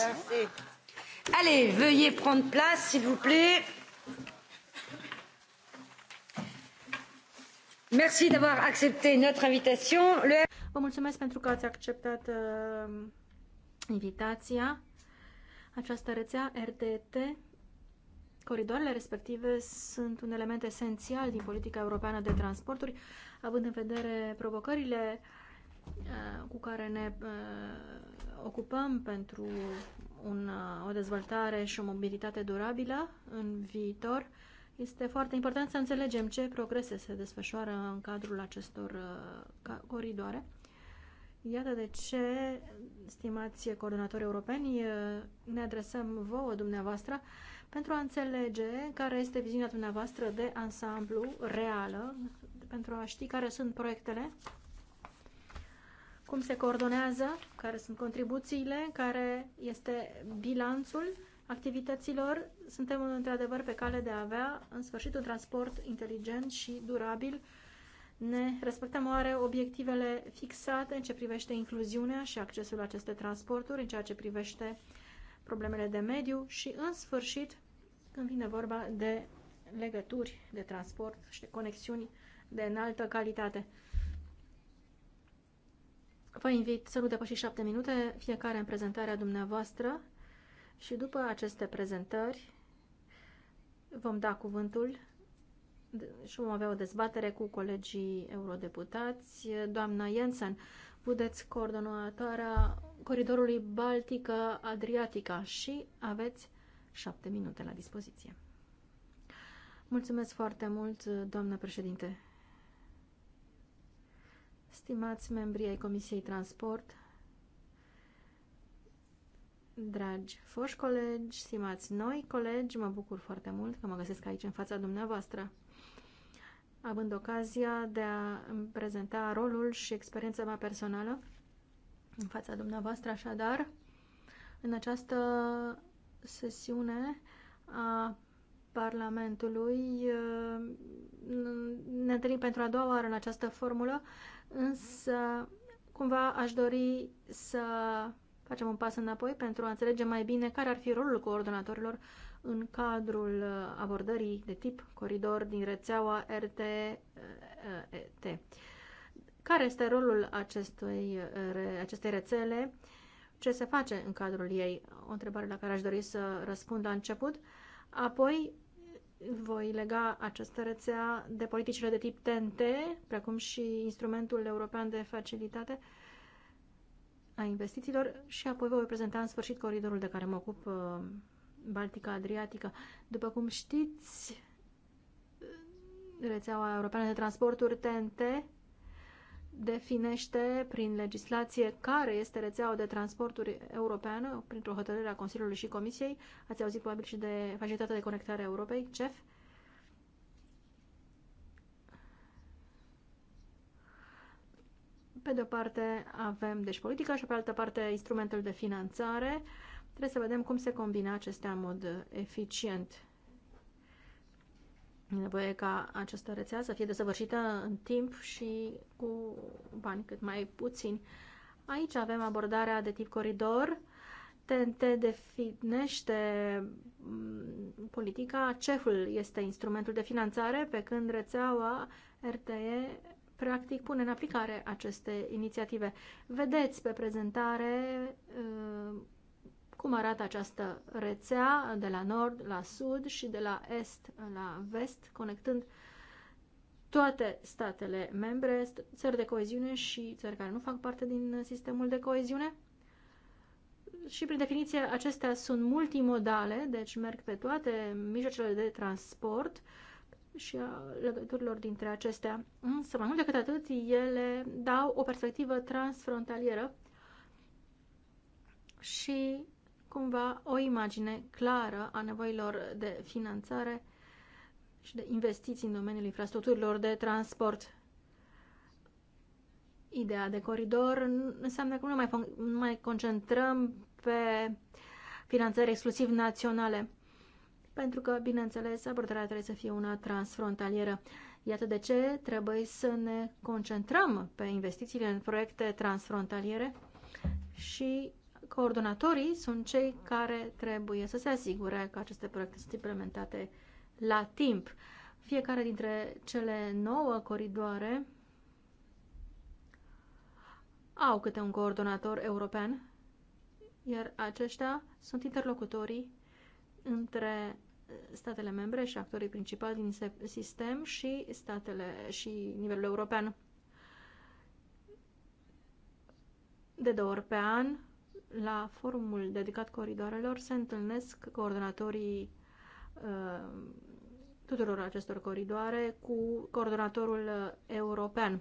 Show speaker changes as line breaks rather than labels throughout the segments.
Merci. Allez, veuillez prendre place, s'il vous plaît. Merci d'avoir accepté notre invitation.
Le... Vă mulțumesc pentru că ați acceptat uh, invitația. Această rețea RTT, coridoarele respective sunt un element esențial din politica europeană de transporturi, având în vedere provocările uh, cu care ne uh, ocupăm pentru un, uh, o dezvoltare și o mobilitate durabilă în viitor, este foarte important să înțelegem ce progrese se desfășoară în cadrul acestor uh, coridoare. Iată de ce, stimați coordonatori europeni, uh, ne adresăm vouă dumneavoastră pentru a înțelege care este viziunea dumneavoastră de ansamblu reală, pentru a ști care sunt proiectele cum se coordonează, care sunt contribuțiile, care este bilanțul activităților. Suntem într-adevăr pe cale de a avea în sfârșit un transport inteligent și durabil. Ne respectăm oare obiectivele fixate în ce privește incluziunea și accesul la aceste transporturi, în ceea ce privește problemele de mediu și, în sfârșit, când vine vorba de legături de transport și de conexiuni de înaltă calitate. Vă invit să nu depășiți șapte minute fiecare în prezentarea dumneavoastră și după aceste prezentări vom da cuvântul și vom avea o dezbatere cu colegii eurodeputați. Doamna Jensen, puteți coordonatoarea coridorului Baltică-Adriatica și aveți șapte minute la dispoziție. Mulțumesc foarte mult, doamnă președinte stimați membrii ai Comisiei Transport, dragi foși colegi, stimați noi colegi, mă bucur foarte mult că mă găsesc aici în fața dumneavoastră, având ocazia de a îmi prezenta rolul și experiența mea personală în fața dumneavoastră, așadar, în această sesiune a Parlamentului. Uh, ne întâlnim pentru a doua oară în această formulă însă cumva aș dori să facem un pas înapoi pentru a înțelege mai bine care ar fi rolul coordonatorilor în cadrul abordării de tip coridor din rețeaua RTET. Care este rolul acestui, acestei rețele? Ce se face în cadrul ei? O întrebare la care aș dori să răspund la început. Apoi, voi lega această rețea de politicile de tip TNT, precum și instrumentul european de facilitate a investițiilor și apoi voi prezenta în sfârșit coridorul de care mă ocup, uh, Baltica-Adriatică. După cum știți, rețeaua europeană de transporturi TNT definește prin legislație care este rețeaua de transporturi europeană, printr-o hotărâre a Consiliului și Comisiei. Ați auzit probabil și de Facilitatea de Conectare a Europei, CEF. Pe de o parte avem deci politica și pe altă parte instrumentul de finanțare. Trebuie să vedem cum se combina acestea în mod eficient. E nevoie ca această rețea să fie desăvârșită în timp și cu bani cât mai puțini. Aici avem abordarea de tip coridor. TNT definește mm, politica, CEF-ul este instrumentul de finanțare, pe când rețeaua RTE practic pune în aplicare aceste inițiative. Vedeți pe prezentare mm, cum arată această rețea de la nord la sud și de la est la vest, conectând toate statele membre, țări de coeziune și țări care nu fac parte din sistemul de coeziune. Și, prin definiție, acestea sunt multimodale, deci merg pe toate mijloacele de transport și a legăturilor dintre acestea. Însă, mai mult decât atât, ele dau o perspectivă transfrontalieră și cumva o imagine clară a nevoilor de finanțare și de investiții în domeniul infrastructurilor de transport. Ideea de coridor înseamnă că nu mai, nu mai concentrăm pe finanțări exclusiv naționale, pentru că, bineînțeles, abordarea trebuie să fie una transfrontalieră. Iată de ce trebuie să ne concentrăm pe investițiile în proiecte transfrontaliere și coordonatorii sunt cei care trebuie să se asigure că aceste proiecte sunt implementate la timp. Fiecare dintre cele nouă coridoare au câte un coordonator european, iar aceștia sunt interlocutorii între statele membre și actorii principali din sistem și statele și nivelul european. De două ori pe an la forumul dedicat coridoarelor se întâlnesc coordonatorii uh, tuturor acestor coridoare cu coordonatorul european.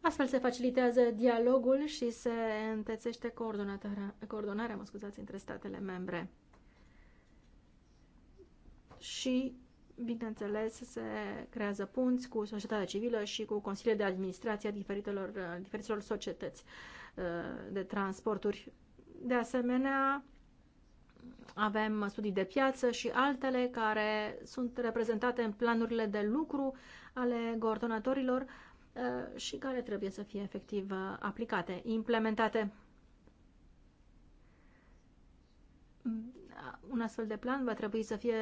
Astfel se facilitează dialogul și se întețește coordonarea, coordonarea mă scuzați, între statele membre. Și bineînțeles, se creează punți cu societatea civilă și cu consiliile de administrație a diferitelor, uh, diferitelor societăți uh, de transporturi. De asemenea, avem studii de piață și altele care sunt reprezentate în planurile de lucru ale coordonatorilor uh, și care trebuie să fie efectiv aplicate, implementate un astfel de plan va trebui să fie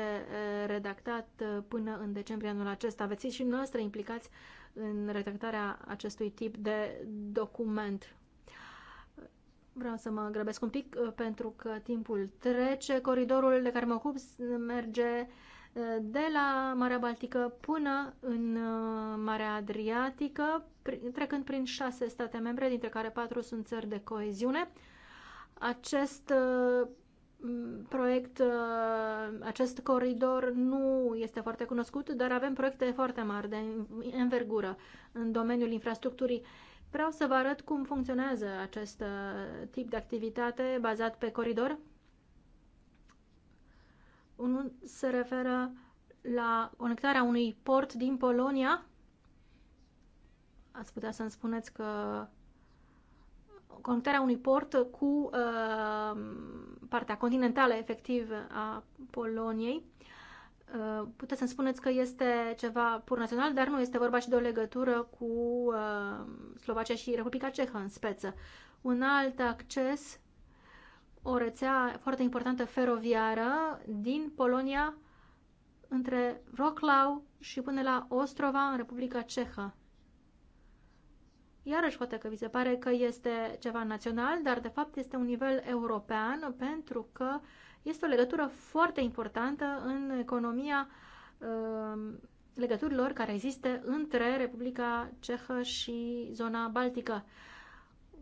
redactat până în decembrie anul acesta. Aveți și noastră implicați în redactarea acestui tip de document. Vreau să mă grăbesc un pic pentru că timpul trece. Coridorul de care mă ocup merge de la Marea Baltică până în Marea Adriatică, trecând prin șase state membre, dintre care patru sunt țări de coeziune. Acest proiect, uh, acest coridor nu este foarte cunoscut, dar avem proiecte foarte mari de învergură în domeniul infrastructurii. Vreau să vă arăt cum funcționează acest uh, tip de activitate bazat pe coridor. Unul se referă la conectarea unui port din Polonia. Ați putea să-mi spuneți că conectarea unui port cu uh, partea continentală, efectiv, a Poloniei. Uh, puteți să-mi spuneți că este ceva pur național, dar nu este vorba și de o legătură cu uh, Slovacia și Republica Cehă în speță. Un alt acces, o rețea foarte importantă feroviară din Polonia între Roclau și până la Ostrova în Republica Cehă. Iarăși, poate că vi se pare că este ceva național, dar de fapt este un nivel european pentru că este o legătură foarte importantă în economia um, legăturilor care există între Republica Cehă și zona Baltică.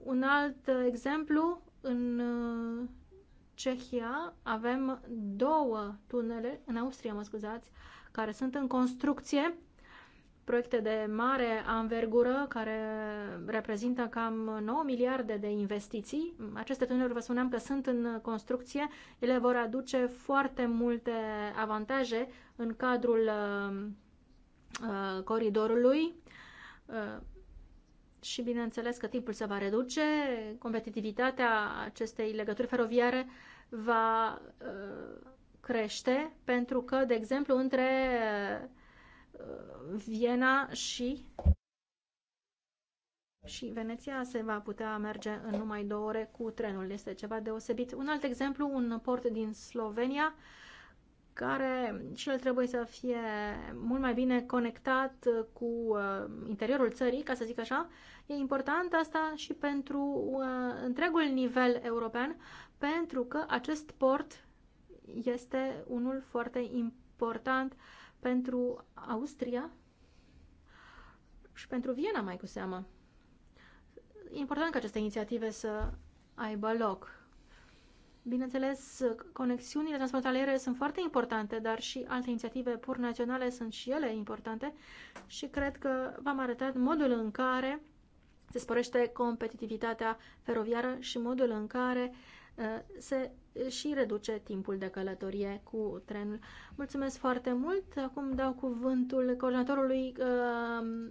Un alt exemplu, în uh, Cehia avem două tunele, în Austria, mă scuzați, care sunt în construcție proiecte de mare anvergură care reprezintă cam 9 miliarde de investiții. Aceste tuneluri, vă spuneam că sunt în construcție, ele vor aduce foarte multe avantaje în cadrul uh, uh, coridorului uh, și bineînțeles că timpul se va reduce, competitivitatea acestei legături feroviare va uh, crește pentru că, de exemplu, între uh, Viena și și Veneția se va putea merge în numai două ore cu trenul. Este ceva deosebit. Un alt exemplu, un port din Slovenia, care și el trebuie să fie mult mai bine conectat cu uh, interiorul țării, ca să zic așa. E important asta și pentru uh, întregul nivel european, pentru că acest port este unul foarte important pentru Austria și pentru Viena, mai cu seamă. E important ca aceste inițiative să aibă loc. Bineînțeles, conexiunile transfrontaliere sunt foarte importante, dar și alte inițiative pur naționale sunt și ele importante și cred că v-am arătat modul în care se sporește competitivitatea feroviară și modul în care uh, se și reduce timpul de călătorie cu trenul. Mulțumesc foarte mult! Acum dau cuvântul coordonatorului, uh,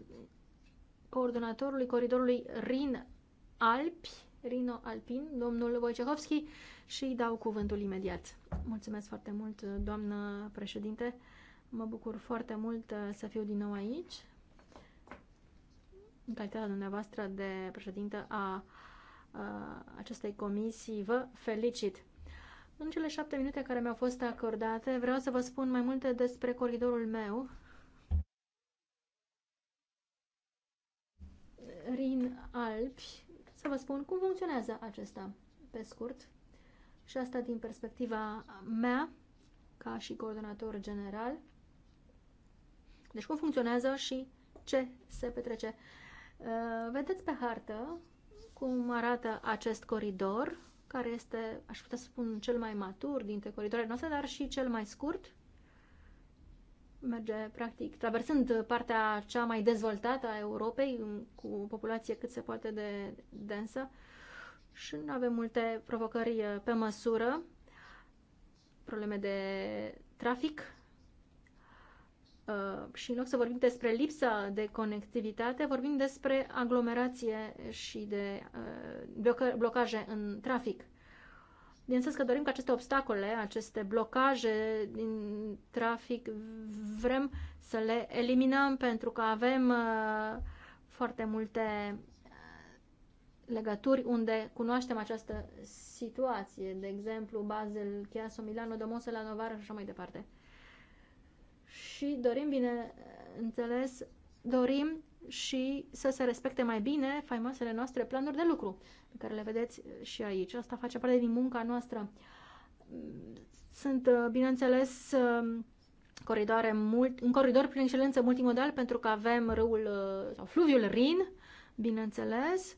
coordonatorului coridorului Rin-Alpi, Rino-Alpin, domnul Wojciechowski, și dau cuvântul imediat. Mulțumesc foarte mult, doamnă președinte! Mă bucur foarte mult uh, să fiu din nou aici în calitatea dumneavoastră de președintă a, a uh, acestei comisii, vă felicit. În cele șapte minute care mi-au fost acordate, vreau să vă spun mai multe despre coridorul meu. Rin-Alpi, să vă spun cum funcționează acesta, pe scurt, și asta din perspectiva mea, ca și coordonator general. Deci cum funcționează și ce se petrece. Uh, vedeți pe hartă cum arată acest coridor care este, aș putea spun, cel mai matur dintre coridoarele noastre, dar și cel mai scurt. Merge, practic, traversând partea cea mai dezvoltată a Europei, cu o populație cât se poate de densă, și nu avem multe provocări pe măsură, probleme de trafic, Uh, și în loc să vorbim despre lipsa de conectivitate, vorbim despre aglomerație și de uh, blocaje în trafic. Bineînțeles că dorim că aceste obstacole, aceste blocaje din trafic, vrem să le eliminăm pentru că avem uh, foarte multe legături unde cunoaștem această situație, de exemplu Basel, Chiasso, Milano, Domosela, Novara și așa mai departe și dorim, bineînțeles, dorim și să se respecte mai bine faimoasele noastre planuri de lucru, pe care le vedeți și aici. Asta face parte din munca noastră. Sunt, bineînțeles, coridoare mult, un coridor prin excelență multimodal pentru că avem râul uh, sau fluviul Rin, bineînțeles,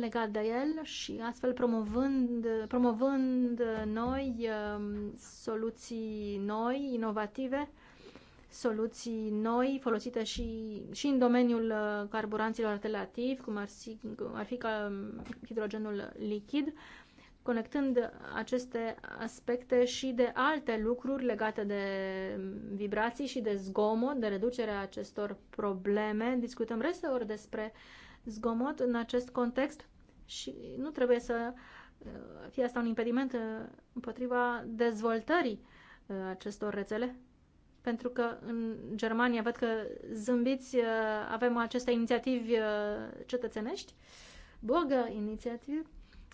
legat de el și astfel promovând, promovând noi um, soluții noi, inovative, soluții noi folosite și, și în domeniul uh, carburanților alternativi, cum ar, fi, ar fi ca um, hidrogenul lichid, conectând aceste aspecte și de alte lucruri legate de um, vibrații și de zgomot, de reducerea acestor probleme. Discutăm reseori despre uh, zgomot în acest context și nu trebuie să uh, fie asta un impediment uh, împotriva dezvoltării uh, acestor rețele? Pentru că în Germania văd că zâmbiți, avem aceste inițiativi cetățenești, bogă inițiativ,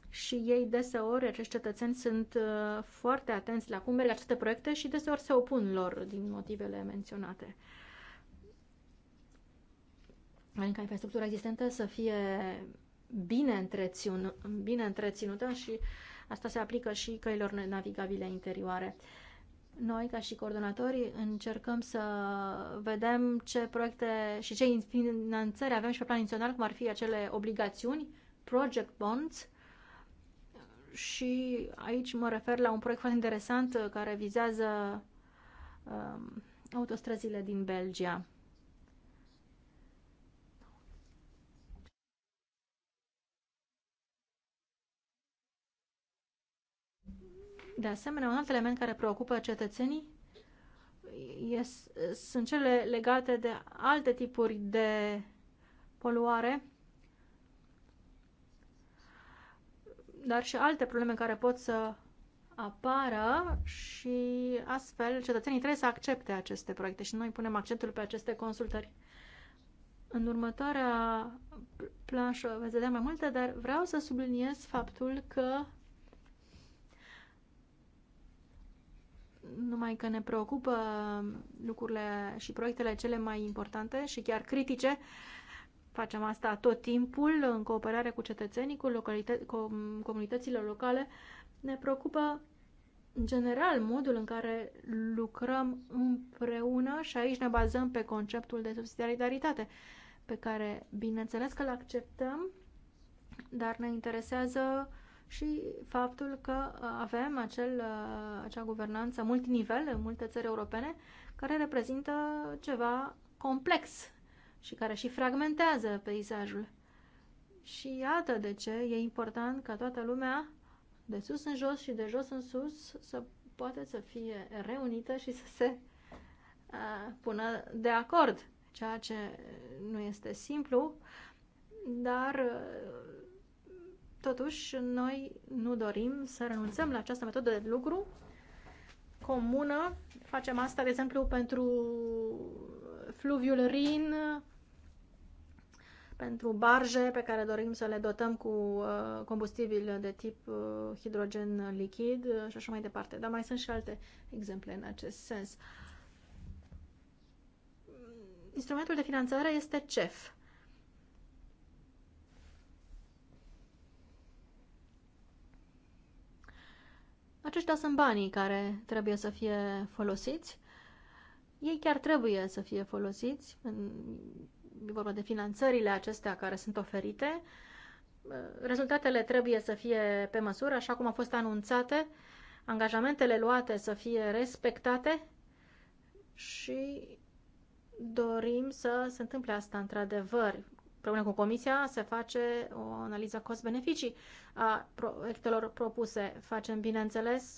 și ei deseori, acești cetățeni, sunt foarte atenți la cum merg aceste proiecte și deseori se opun lor din motivele menționate adică infrastructura existentă să fie bine, întrețin, bine întreținută și asta se aplică și căilor navigabile interioare. Noi, ca și coordonatori, încercăm să vedem ce proiecte și ce finanțări avem și pe plan național, cum ar fi acele obligațiuni, project bonds, și aici mă refer la un proiect foarte interesant care vizează um, autostrăzile din Belgia. De asemenea, un alt element care preocupă cetățenii sunt cele legate de alte tipuri de poluare, dar și alte probleme care pot să apară și astfel cetățenii trebuie să accepte aceste proiecte și noi punem accentul pe aceste consultări. În următoarea planșă veți vedea mai multe, dar vreau să subliniez faptul că numai că ne preocupă lucrurile și proiectele cele mai importante și chiar critice. Facem asta tot timpul în cooperare cu cetățenii, cu, cu comunitățile locale. Ne preocupă în general modul în care lucrăm împreună și aici ne bazăm pe conceptul de subsidiaritate pe care bineînțeles că îl acceptăm, dar ne interesează și faptul că uh, avem acel, uh, acea guvernanță multinivel în multe țări europene care reprezintă ceva complex și care și fragmentează peisajul. Și iată de ce e important ca toată lumea, de sus în jos și de jos în sus, să poate să fie reunită și să se uh, pună de acord, ceea ce nu este simplu, dar Totuși, noi nu dorim să renunțăm la această metodă de lucru comună. Facem asta, de exemplu, pentru fluviul Rin, pentru barje pe care dorim să le dotăm cu uh, combustibil de tip uh, hidrogen lichid uh, și așa mai departe. Dar mai sunt și alte exemple în acest sens. Instrumentul de finanțare este CEF Aceștia sunt banii care trebuie să fie folosiți. Ei chiar trebuie să fie folosiți. E vorba de finanțările acestea care sunt oferite. Rezultatele trebuie să fie pe măsură, așa cum au fost anunțate, angajamentele luate să fie respectate și dorim să se întâmple asta într-adevăr împreună cu Comisia, se face o analiză cost-beneficii a proiectelor propuse. Facem, bineînțeles,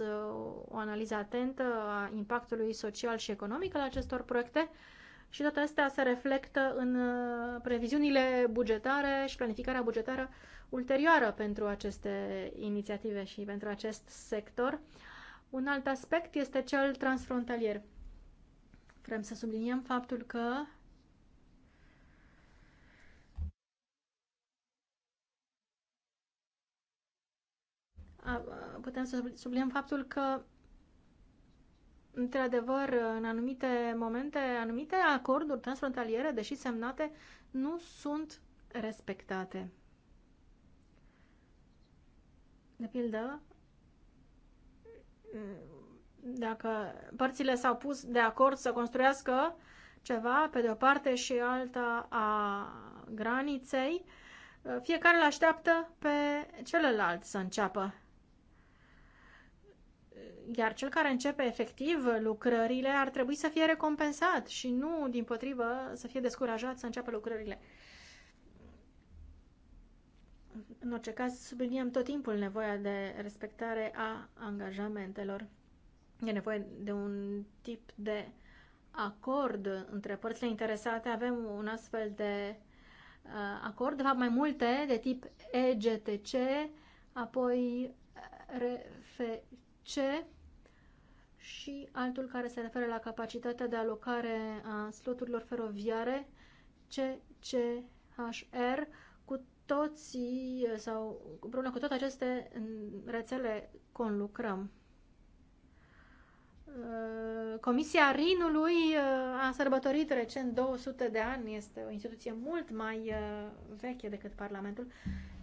o analiză atentă a impactului social și economic al acestor proiecte și toate astea se reflectă în uh, previziunile bugetare și planificarea bugetară ulterioară pentru aceste inițiative și pentru acest sector. Un alt aspect este cel transfrontalier. Vrem să subliniem faptul că putem să subliniem faptul că Într-adevăr, în anumite momente, anumite acorduri transfrontaliere, deși semnate, nu sunt respectate. De pildă, dacă părțile s-au pus de acord să construiască ceva pe de o parte și alta a graniței, fiecare îl așteaptă pe celălalt să înceapă iar cel care începe efectiv lucrările ar trebui să fie recompensat și nu, din potrivă, să fie descurajat să înceapă lucrările. În orice caz, subliniem tot timpul nevoia de respectare a angajamentelor. E nevoie de un tip de acord între părțile interesate. Avem un astfel de uh, acord, de fapt mai multe, de tip EGTC, apoi C și altul care se referă la capacitatea de alocare a sloturilor feroviare CCHR cu toții sau împreună cu toate aceste rețele conlucrăm. Uh, Comisia Rinului uh, a sărbătorit recent 200 de ani, este o instituție mult mai uh, veche decât Parlamentul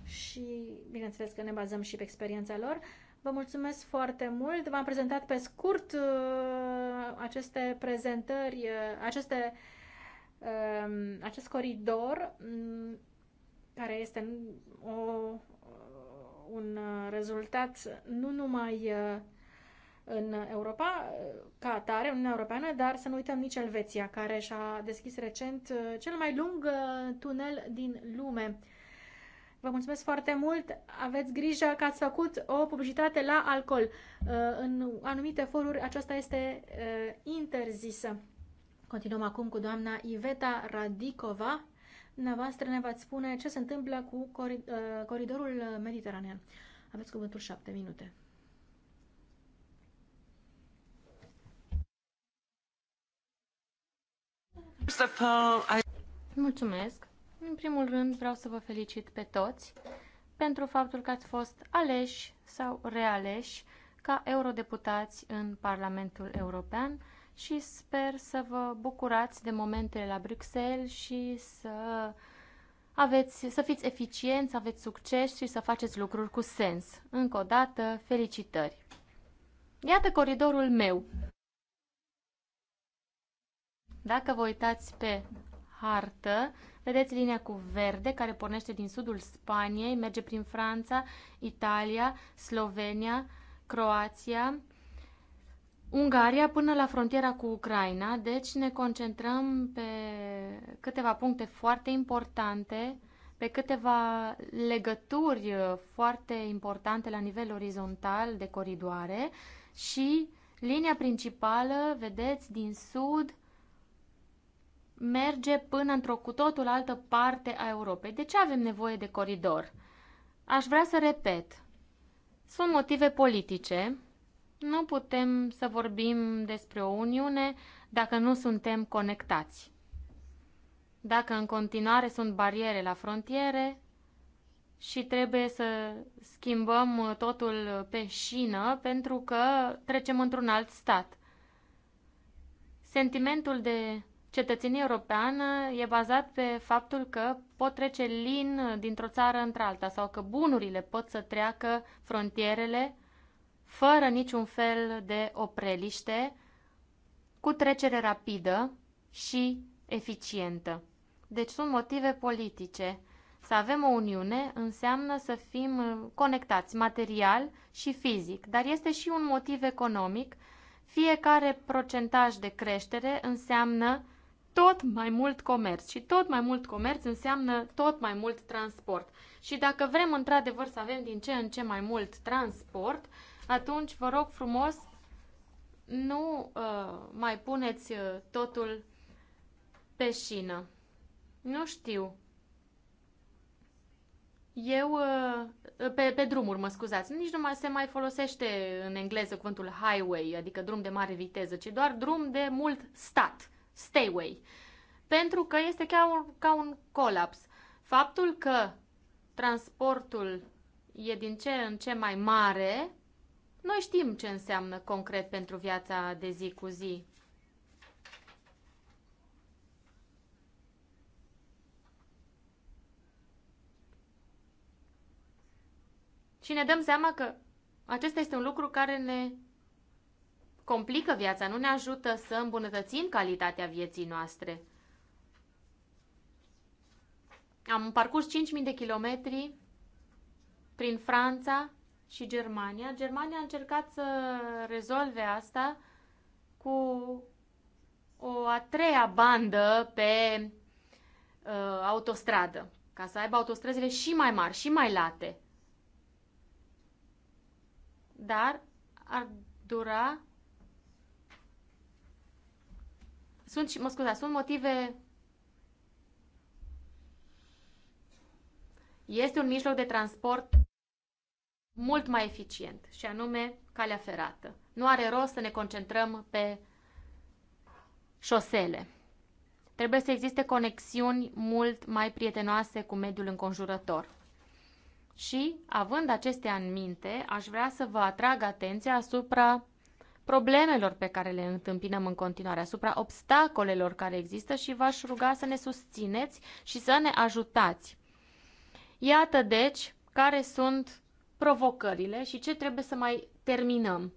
și bineînțeles că ne bazăm și pe experiența lor. Vă mulțumesc foarte mult. V-am prezentat pe scurt uh, aceste prezentări, uh, aceste, um, acest coridor mm, care este o, uh, un rezultat nu numai în Europa, ca atare, Uniunea Europeană, dar să nu uităm nici Elveția, care și-a deschis recent cel mai lung tunel din lume. Vă mulțumesc foarte mult. Aveți grijă că ați făcut o publicitate la alcool. Uh, în anumite foruri aceasta este uh, interzisă. Continuăm acum cu doamna Iveta Radicova. Dumneavoastră ne va spune ce se întâmplă cu uh, coridorul mediteranean. Aveți cuvântul șapte minute.
Mulțumesc. În primul rând vreau să vă felicit pe toți pentru faptul că ați fost aleși sau realeși ca eurodeputați în Parlamentul European și sper să vă bucurați de momentele la Bruxelles și să aveți, să fiți eficienți, să aveți succes și să faceți lucruri cu sens. Încă o dată, felicitări! Iată coridorul meu. Dacă vă uitați pe hartă, Vedeți linia cu verde care pornește din sudul Spaniei, merge prin Franța, Italia, Slovenia, Croația, Ungaria până la frontiera cu Ucraina, deci ne concentrăm pe câteva puncte foarte importante, pe câteva legături foarte importante la nivel orizontal de coridoare și linia principală, vedeți, din sud merge până într-o cu totul altă parte a Europei. De ce avem nevoie de coridor? Aș vrea să repet. Sunt motive politice. Nu putem să vorbim despre o uniune dacă nu suntem conectați. Dacă în continuare sunt bariere la frontiere și trebuie să schimbăm totul pe șină pentru că trecem într-un alt stat. Sentimentul de cetățenia europeană e bazat pe faptul că pot trece lin dintr-o țară într-alta sau că bunurile pot să treacă frontierele fără niciun fel de opreliște, cu trecere rapidă și eficientă. Deci sunt motive politice. Să avem o uniune înseamnă să fim conectați material și fizic, dar este și un motiv economic. Fiecare procentaj de creștere înseamnă tot mai mult comerț și tot mai mult comerț înseamnă tot mai mult transport. Și dacă vrem într-adevăr să avem din ce în ce mai mult transport, atunci vă rog frumos nu uh, mai puneți uh, totul pe șină. Nu știu. Eu, uh, pe, pe drumuri, mă scuzați, nici nu mai se mai folosește în engleză cuvântul highway, adică drum de mare viteză, ci doar drum de mult stat Stay away, Pentru că este chiar un, ca un colaps. Faptul că transportul e din ce în ce mai mare, noi știm ce înseamnă concret pentru viața de zi cu zi. Și ne dăm seama că acesta este un lucru care ne complică viața, nu ne ajută să îmbunătățim calitatea vieții noastre. Am parcurs 5.000 de kilometri prin Franța și Germania. Germania a încercat să rezolve asta cu o a treia bandă pe uh, autostradă, ca să aibă autostrăzile și mai mari, și mai late. Dar ar dura Sunt, mă scuza, sunt motive... Este un mijloc de transport mult mai eficient, și anume calea ferată. Nu are rost să ne concentrăm pe șosele. Trebuie să existe conexiuni mult mai prietenoase cu mediul înconjurător. Și, având acestea în minte, aș vrea să vă atrag atenția asupra problemelor pe care le întâmpinăm în continuare, asupra obstacolelor care există și v-aș ruga să ne susțineți și să ne ajutați. Iată, deci, care sunt provocările și ce trebuie să mai terminăm.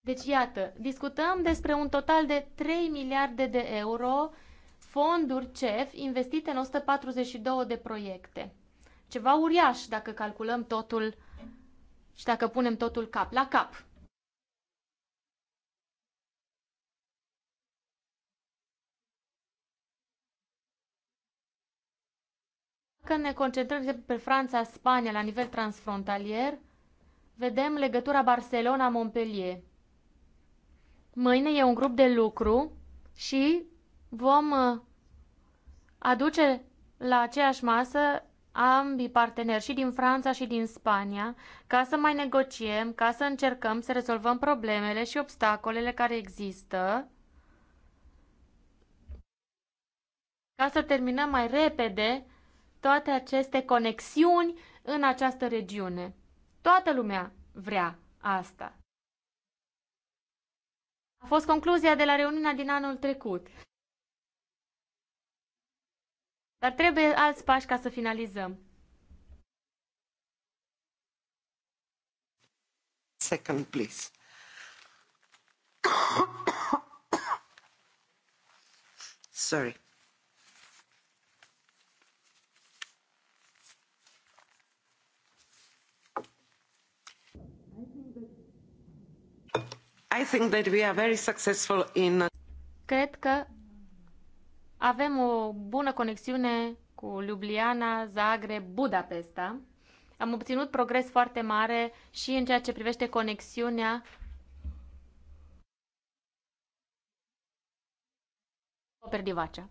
Deci, iată, discutăm despre un total de 3 miliarde de euro fonduri CEF investite în 142 de proiecte. Ceva uriaș dacă calculăm totul și dacă punem totul cap la cap. Dacă ne concentrăm pe Franța, Spania, la nivel transfrontalier, vedem legătura Barcelona-Montpellier. Mâine e un grup de lucru și vom uh, aduce la aceeași masă ambii parteneri și din Franța și din Spania ca să mai negociem, ca să încercăm să rezolvăm problemele și obstacolele care există ca să terminăm mai repede toate aceste conexiuni în această regiune. Toată lumea vrea asta. A fost concluzia de la reuniunea din anul trecut. Dar trebuie alți pași ca să finalizăm.
Second, please. Sorry.
I think that we are very successful in... Cred că avem o bună conexiune cu Ljubljana, Zagreb, Budapesta. Am obținut progres foarte mare și în ceea ce privește conexiunea Perdivacea.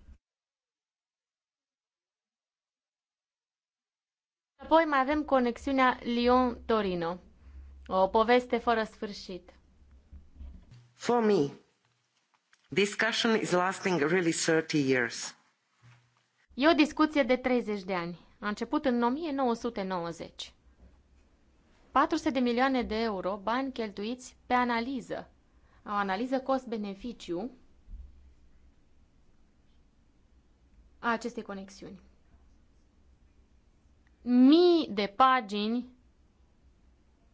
Apoi mai avem conexiunea Lyon-Torino. O poveste fără sfârșit.
For me, Discussion is lasting really 30 years.
E o discuție de 30 de ani. A început în 1990. 400 de milioane de euro bani cheltuiți pe analiză. O analiză cost-beneficiu a acestei conexiuni. Mii de pagini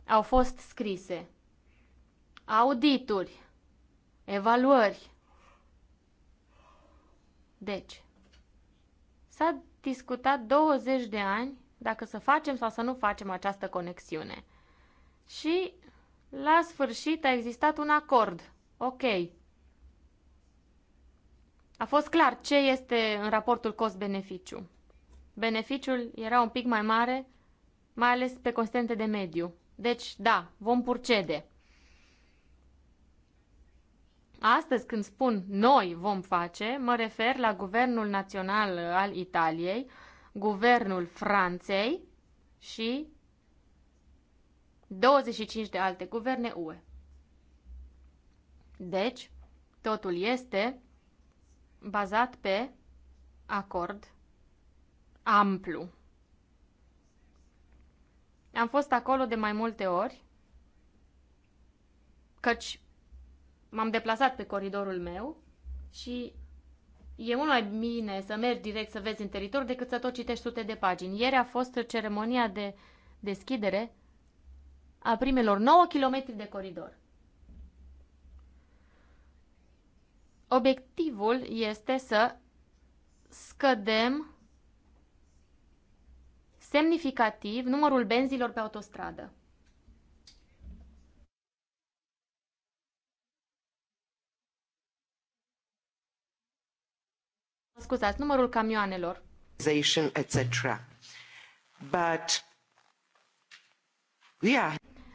au fost scrise. Audituri, evaluări, deci, s-a discutat 20 de ani dacă să facem sau să nu facem această conexiune. Și la sfârșit a existat un acord. Ok. A fost clar ce este în raportul cost-beneficiu. Beneficiul era un pic mai mare, mai ales pe constante de mediu. Deci, da, vom purcede. Astăzi, când spun noi vom face, mă refer la Guvernul Național al Italiei, Guvernul Franței și 25 de alte guverne UE. Deci, totul este bazat pe acord amplu. Am fost acolo de mai multe ori, căci m-am deplasat pe coridorul meu și e mult mai bine să mergi direct să vezi în teritoriu decât să tot citești sute de pagini. Ieri a fost ceremonia de deschidere a primelor 9 km de coridor. Obiectivul este să scădem semnificativ numărul benzilor pe autostradă. scuzați, numărul camioanelor.
etc. But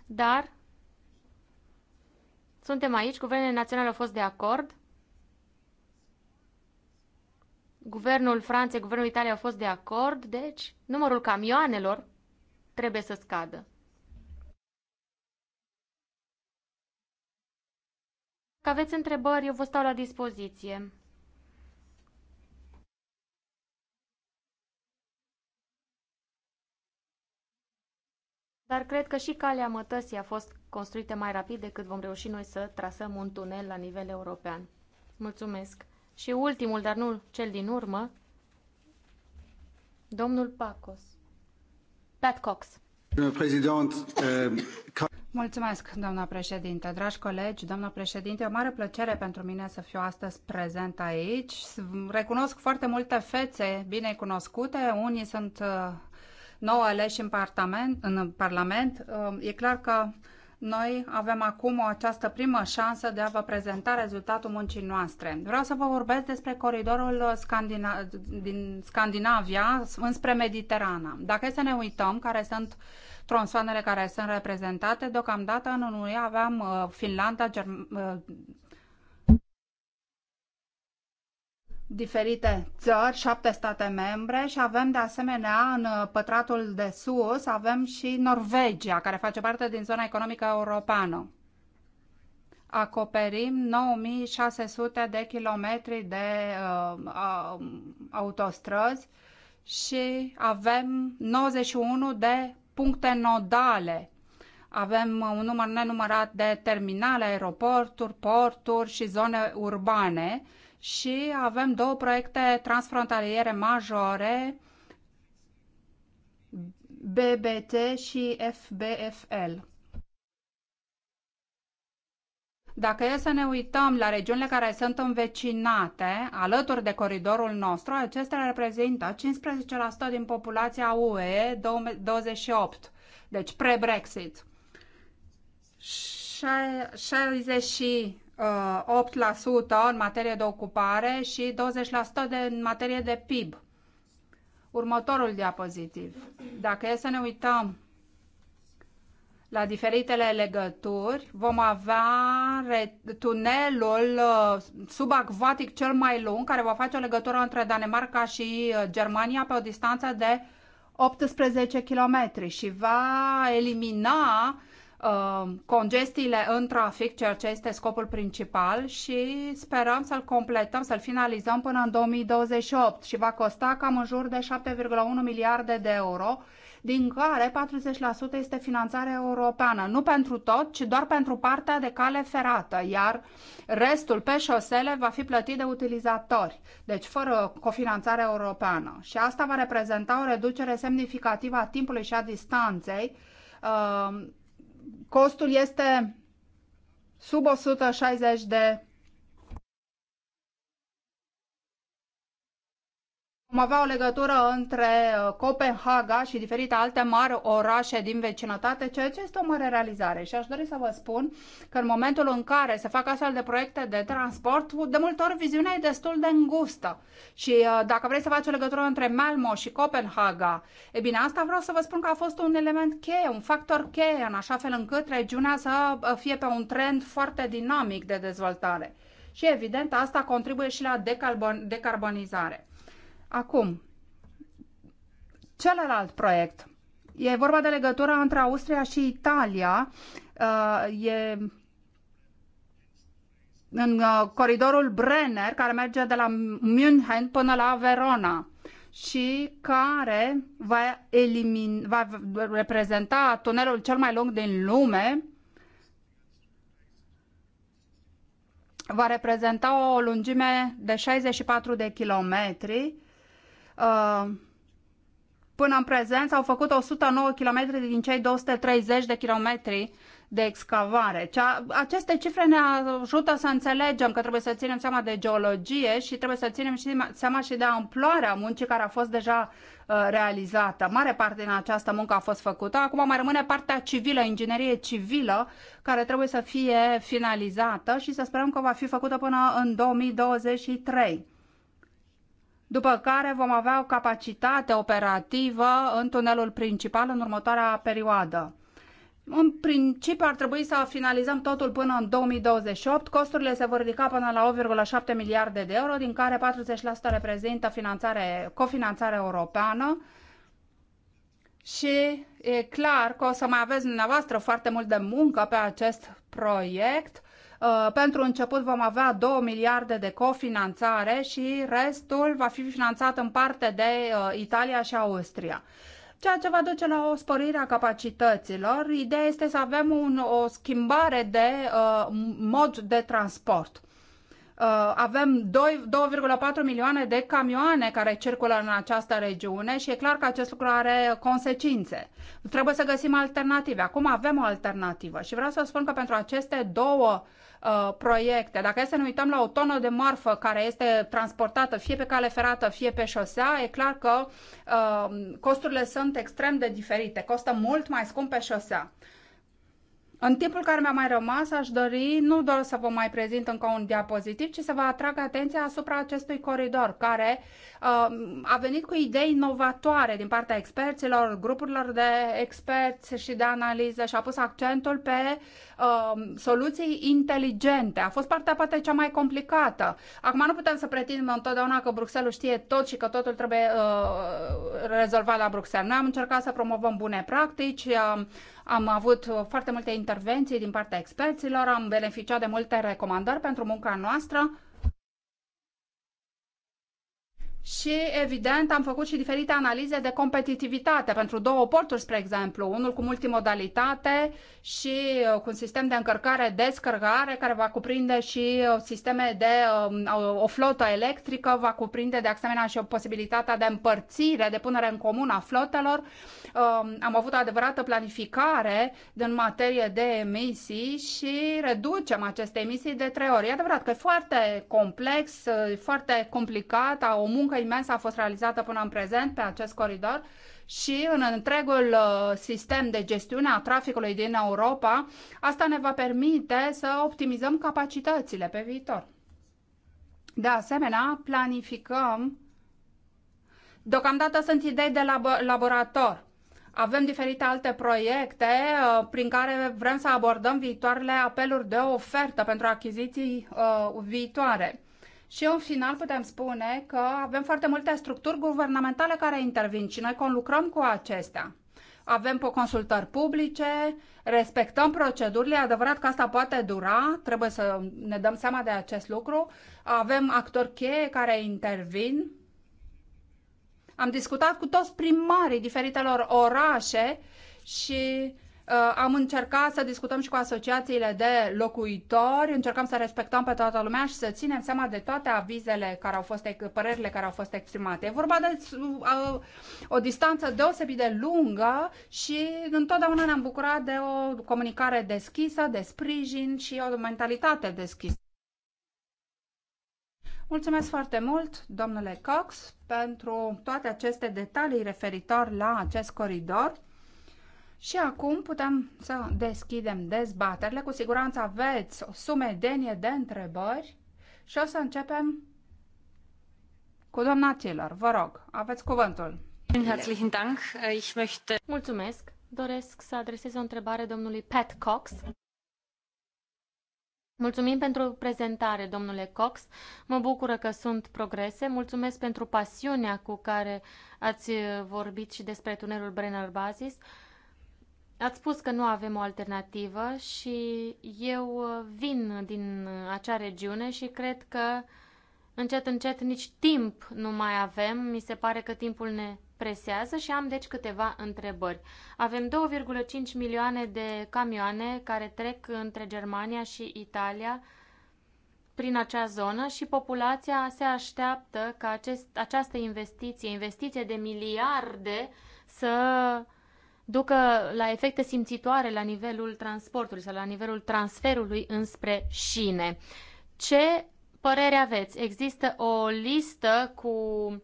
Dar suntem aici, guvernele naționale au fost de acord. Guvernul Franței, guvernul Italiei au fost de acord, deci numărul camioanelor trebuie să scadă. Dacă aveți întrebări, eu vă stau la dispoziție. Dar cred că și calea mătăsii a fost construită mai rapid decât vom reuși noi să trasăm un tunel la nivel european. Mulțumesc. Și ultimul, dar nu cel din urmă,
domnul Pacos. Pat Cox. Eh, Mulțumesc, doamna președinte. Dragi colegi, doamna președinte, o mare plăcere pentru mine să fiu astăzi prezent aici. Recunosc foarte multe fețe bine cunoscute. Unii sunt eh, nou aleși în Parlament, în Parlament uh, e clar că noi avem acum această primă șansă de a vă prezenta rezultatul muncii noastre. Vreau să vă vorbesc despre coridorul Scandina- din Scandinavia înspre Mediterana. Dacă să ne uităm care sunt tronsoanele care sunt reprezentate, deocamdată în Uniune aveam uh, Finlanda, Germ- uh, diferite țări, șapte state membre și avem de asemenea în uh, pătratul de sus, avem și Norvegia, care face parte din zona economică europeană. Acoperim 9600 de kilometri de uh, uh, autostrăzi și avem 91 de puncte nodale. Avem uh, un număr nenumărat de terminale, aeroporturi, porturi și zone urbane și avem două proiecte transfrontaliere majore, BBT și FBFL. Dacă e să ne uităm la regiunile care sunt învecinate, alături de coridorul nostru, acestea reprezintă 15% din populația UE 28, deci pre-Brexit. 8% uh, în materie de ocupare și 20% de, în materie de PIB. Următorul diapozitiv. Dacă e să ne uităm la diferitele legături, vom avea tunelul uh, subacvatic cel mai lung, care va face o legătură între Danemarca și uh, Germania pe o distanță de 18 km și va elimina uh, congestiile în trafic, ceea ce este scopul principal și sperăm să-l completăm, să-l finalizăm până în 2028 și va costa cam în jur de 7,1 miliarde de euro, din care 40% este finanțare europeană. Nu pentru tot, ci doar pentru partea de cale ferată, iar restul pe șosele va fi plătit de utilizatori, deci fără cofinanțare europeană. Și asta va reprezenta o reducere semnificativă a timpului și a distanței uh, Costul este sub 160 de cum avea o legătură între uh, Copenhaga și diferite alte mari orașe din vecinătate, ceea ce este o mare realizare. Și aș dori să vă spun că în momentul în care se fac astfel de proiecte de transport, de multe ori viziunea e destul de îngustă. Și uh, dacă vrei să faci o legătură între Malmo și Copenhaga, e bine, asta vreau să vă spun că a fost un element cheie, un factor cheie, în așa fel încât regiunea să uh, fie pe un trend foarte dinamic de dezvoltare. Și evident, asta contribuie și la decarbonizare. Acum, celălalt proiect. E vorba de legătura între Austria și Italia. Uh, e în uh, coridorul Brenner, care merge de la München până la Verona și care va, elimin, va reprezenta tunelul cel mai lung din lume, va reprezenta o lungime de 64 de kilometri Uh, până în prezent s-au făcut 109 km din cei 230 de kilometri de excavare. Cea, aceste cifre ne ajută să înțelegem că trebuie să ținem seama de geologie și trebuie să ținem și seama și de amploarea muncii care a fost deja uh, realizată. Mare parte din această muncă a fost făcută. Acum mai rămâne partea civilă, inginerie civilă, care trebuie să fie finalizată și să sperăm că va fi făcută până în 2023 după care vom avea o capacitate operativă în tunelul principal în următoarea perioadă. În principiu ar trebui să finalizăm totul până în 2028. Costurile se vor ridica până la 8,7 miliarde de euro, din care 40% reprezintă finanțare, cofinanțare europeană. Și e clar că o să mai aveți dumneavoastră foarte mult de muncă pe acest proiect Uh, pentru început vom avea 2 miliarde de cofinanțare și restul va fi finanțat în parte de uh, Italia și Austria ceea ce va duce la o sporire a capacităților. Ideea este să avem un, o schimbare de uh, mod de transport. Uh, avem 2,4 milioane de camioane care circulă în această regiune și e clar că acest lucru are consecințe. Trebuie să găsim alternative. Acum avem o alternativă și vreau să spun că pentru aceste două uh, proiecte, dacă e să ne uităm la o tonă de marfă care este transportată fie pe cale ferată, fie pe șosea, e clar că uh, costurile sunt extrem de diferite. Costă mult mai scump pe șosea. În timpul care mi-a mai rămas, aș dori nu doar să vă mai prezint încă un diapozitiv, ci să vă atrag atenția asupra acestui coridor, care uh, a venit cu idei inovatoare din partea experților, grupurilor de experți și de analiză și a pus accentul pe uh, soluții inteligente. A fost partea poate cea mai complicată. Acum nu putem să pretindem întotdeauna că Bruxelles știe tot și că totul trebuie uh, rezolvat la Bruxelles. Noi am încercat să promovăm bune practici, uh, am avut uh, foarte multe intervenții din partea experților, am beneficiat de multe recomandări pentru munca noastră și, evident, am făcut și diferite analize de competitivitate pentru două porturi, spre exemplu, unul cu multimodalitate și uh, cu un sistem de încărcare-descărcare care va cuprinde și uh, sisteme de um, o flotă electrică, va cuprinde de asemenea și o posibilitatea de împărțire, de punere în comun a flotelor Um, am avut o adevărată planificare în materie de emisii și reducem aceste emisii de trei ori. E adevărat că e foarte complex, foarte complicat, o muncă imensă a fost realizată până în prezent pe acest coridor și în întregul uh, sistem de gestiune a traficului din Europa, asta ne va permite să optimizăm capacitățile pe viitor. De asemenea, planificăm Deocamdată sunt idei de lab- laborator. Avem diferite alte proiecte uh, prin care vrem să abordăm viitoarele apeluri de ofertă pentru achiziții uh, viitoare. Și în final putem spune că avem foarte multe structuri guvernamentale care intervin și noi conlucrăm cu acestea avem consultări publice, respectăm procedurile, adevărat că asta poate dura, trebuie să ne dăm seama de acest lucru, avem actori cheie care intervin am discutat cu toți primarii diferitelor orașe și uh, am încercat să discutăm și cu asociațiile de locuitori, încercăm să respectăm pe toată lumea și să ținem seama de toate avizele care au fost, părerile care au fost exprimate. E vorba de uh, o distanță deosebit de lungă și întotdeauna ne-am bucurat de o comunicare deschisă, de sprijin și o mentalitate deschisă. Mulțumesc foarte mult, domnule Cox, pentru toate aceste detalii referitor la acest coridor. Și acum putem să deschidem dezbaterile. Cu siguranță aveți o sumedenie de întrebări și o să începem cu doamna Tiller. Vă rog, aveți cuvântul.
Mulțumesc. Doresc să adresez o întrebare domnului Pat Cox Mulțumim pentru prezentare, domnule Cox. Mă bucură că sunt progrese. Mulțumesc pentru pasiunea cu care ați vorbit și despre tunelul Brenner Basis. Ați spus că nu avem o alternativă și eu vin din acea regiune și cred că încet, încet nici timp nu mai avem. Mi se pare că timpul ne presează și am deci câteva întrebări. Avem 2,5 milioane de camioane care trec între Germania și Italia prin acea zonă și populația se așteaptă ca acest, această investiție, investiție de miliarde, să ducă la efecte simțitoare la nivelul transportului sau la nivelul transferului înspre șine. Ce părere aveți? Există o listă cu uh,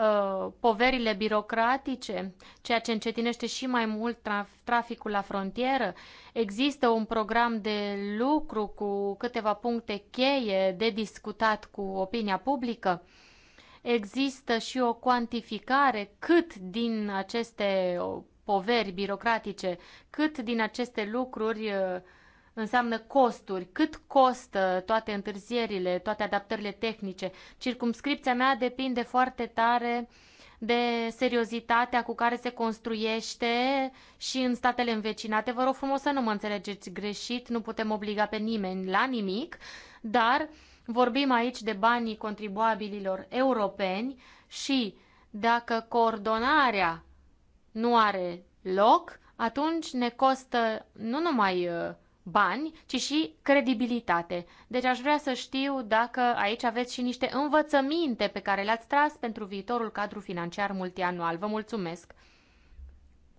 Uh, poverile birocratice, ceea ce încetinește și mai mult traf- traficul la frontieră. Există un program de lucru cu câteva puncte cheie de discutat cu opinia publică. Există și o cuantificare cât din aceste poveri birocratice, cât din aceste lucruri uh, înseamnă costuri, cât costă toate întârzierile, toate adaptările tehnice. Circumscripția mea depinde foarte tare de seriozitatea cu care se construiește și în statele învecinate. Vă rog frumos să nu mă înțelegeți greșit, nu putem obliga pe nimeni la nimic, dar vorbim aici de banii contribuabililor europeni și dacă coordonarea nu are loc, atunci ne costă nu numai uh, bani, ci și credibilitate. Deci aș vrea să știu dacă aici aveți și niște învățăminte pe care le-ați tras pentru viitorul cadru financiar multianual. Vă mulțumesc!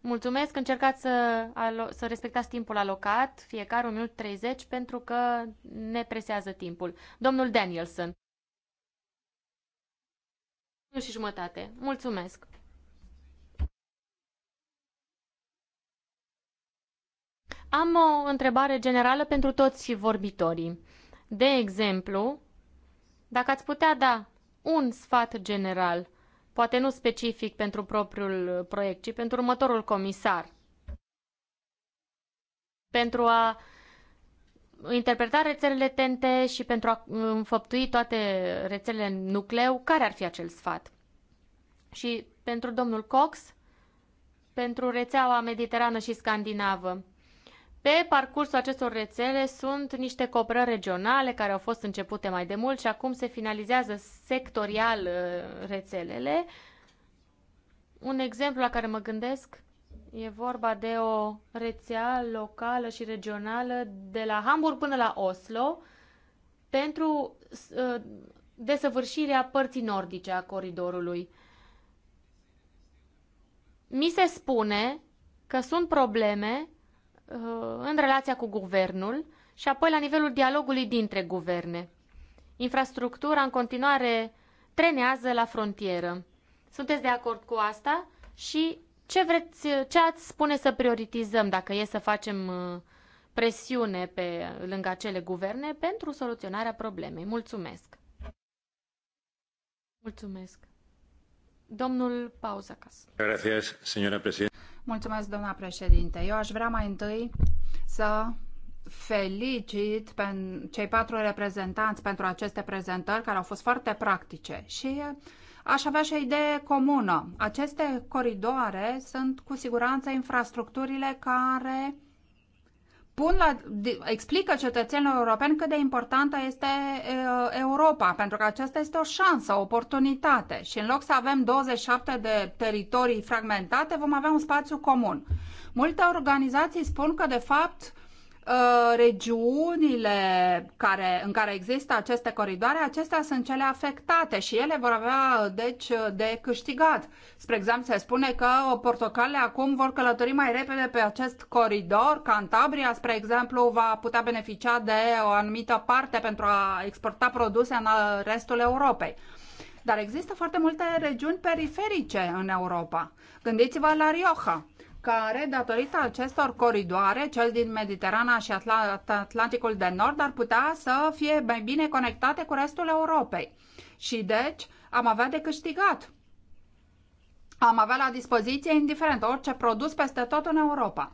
Mulțumesc, încercați să, să respectați timpul alocat, fiecare 1 minut 30, pentru că ne presează timpul. Domnul Danielson. Nu Și jumătate. Mulțumesc. Am o întrebare generală pentru toți vorbitorii. De exemplu, dacă ați putea da un sfat general, poate nu specific pentru propriul proiect, ci pentru următorul comisar, pentru a interpreta rețelele tente și pentru a înfăptui toate rețelele în nucleu, care ar fi acel sfat? Și pentru domnul Cox, pentru rețeaua mediterană și scandinavă, pe parcursul acestor rețele sunt niște cooperări regionale care au fost începute mai de mult și acum se finalizează sectorial uh, rețelele. Un exemplu la care mă gândesc e vorba de o rețea locală și regională de la Hamburg până la Oslo pentru uh, desăvârșirea părții nordice a coridorului. Mi se spune că sunt probleme Uh, în relația cu guvernul și apoi la nivelul dialogului dintre guverne. Infrastructura în continuare trenează la frontieră. Sunteți de acord cu asta? Și ce, vreți, ce ați spune să prioritizăm dacă e să facem uh, presiune pe lângă acele guverne pentru soluționarea problemei? Mulțumesc! Mulțumesc!
Domnul Pauzacas.
Gracias, señora presidente.
Mulțumesc, doamna președinte. Eu aș vrea mai întâi să felicit pe cei patru reprezentanți pentru aceste prezentări care au fost foarte practice și aș avea și o idee comună. Aceste coridoare sunt cu siguranță infrastructurile care pun la, explică cetățenilor europeni cât de importantă este Europa, pentru că aceasta este o șansă, o oportunitate. Și în loc să avem 27 de teritorii fragmentate, vom avea un spațiu comun. Multe organizații spun că, de fapt, Uh, regiunile care, în care există aceste coridoare, acestea sunt cele afectate și ele vor avea, deci, de câștigat. Spre exemplu, se spune că portocalele acum vor călători mai repede pe acest coridor. Cantabria, spre exemplu, va putea beneficia de o anumită parte pentru a exporta produse în uh, restul Europei. Dar există foarte multe regiuni periferice în Europa. Gândiți-vă la Rioja care, datorită acestor coridoare, cel din Mediterana și Atlanticul de Nord, ar putea să fie mai bine conectate cu restul Europei. Și deci am avea de câștigat. Am avea la dispoziție, indiferent, orice produs peste tot în Europa.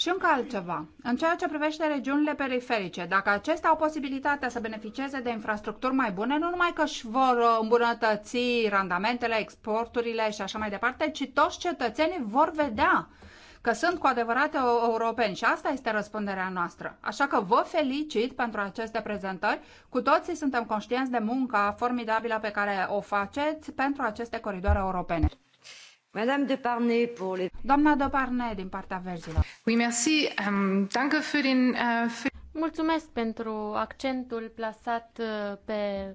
Și încă altceva. În ceea ce privește regiunile periferice, dacă acestea au posibilitatea să beneficieze de infrastructuri mai bune, nu numai că își vor uh, îmbunătăți randamentele, exporturile și așa mai departe, ci toți cetățenii vor vedea că sunt cu adevărat europeni și asta este răspunderea noastră. Așa că vă felicit pentru aceste prezentări. Cu toții suntem conștienți de munca formidabilă pe care o faceți pentru aceste coridoare europene. Madame Deparnay pour les... Doamna Deparnay din partea verzilor. Oui, merci. Um, danke für den, uh, für... Mulțumesc pentru accentul
plasat uh, pe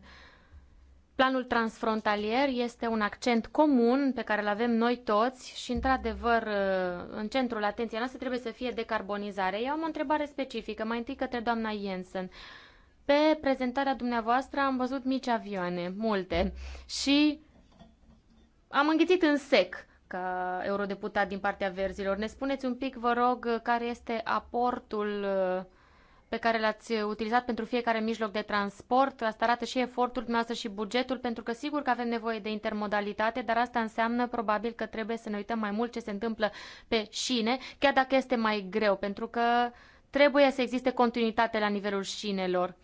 planul transfrontalier. Este un accent comun pe care îl avem noi toți și, într-adevăr, uh, în centrul atenției noastre trebuie să fie decarbonizare. Eu am o întrebare specifică, mai întâi către doamna Jensen. Pe prezentarea dumneavoastră am văzut mici avioane, multe, și am înghițit în sec ca eurodeputat din partea verzilor. Ne spuneți un pic, vă rog, care este aportul uh, pe care l-ați utilizat pentru fiecare mijloc de transport. Asta arată și efortul dumneavoastră și bugetul, pentru că sigur că avem nevoie de intermodalitate, dar asta înseamnă probabil că trebuie să ne uităm mai mult ce se întâmplă pe șine, chiar dacă este mai greu, pentru că trebuie să existe continuitate la nivelul șinelor.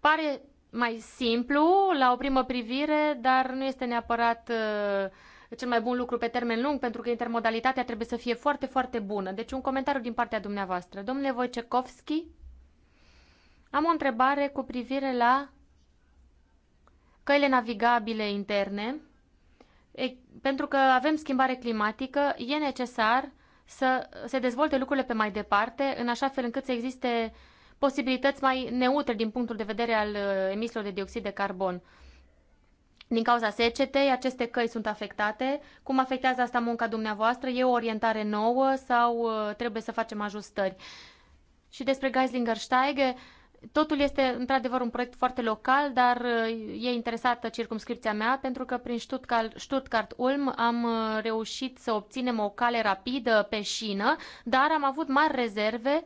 Pare mai simplu la o primă privire, dar nu este neapărat uh, cel mai bun lucru pe termen lung, pentru că intermodalitatea trebuie să fie foarte, foarte bună. Deci un comentariu din partea dumneavoastră. Domnule Wojciechowski, am o întrebare cu privire la căile navigabile interne. E, pentru că avem schimbare climatică, e necesar să se dezvolte lucrurile pe mai departe, în așa fel încât să existe uh, posibilități mai neutre din punctul de vedere al uh, emisiilor de dioxid de carbon. Din cauza secetei, aceste căi sunt afectate. Cum afectează asta munca dumneavoastră? E o orientare nouă sau uh, trebuie să facem ajustări? Și despre Steige, totul este într-adevăr un proiect foarte local, dar uh, e interesată circumscripția mea pentru că prin Stuttgart-Ulm am reușit să obținem o cale rapidă pe șină, dar am avut mari rezerve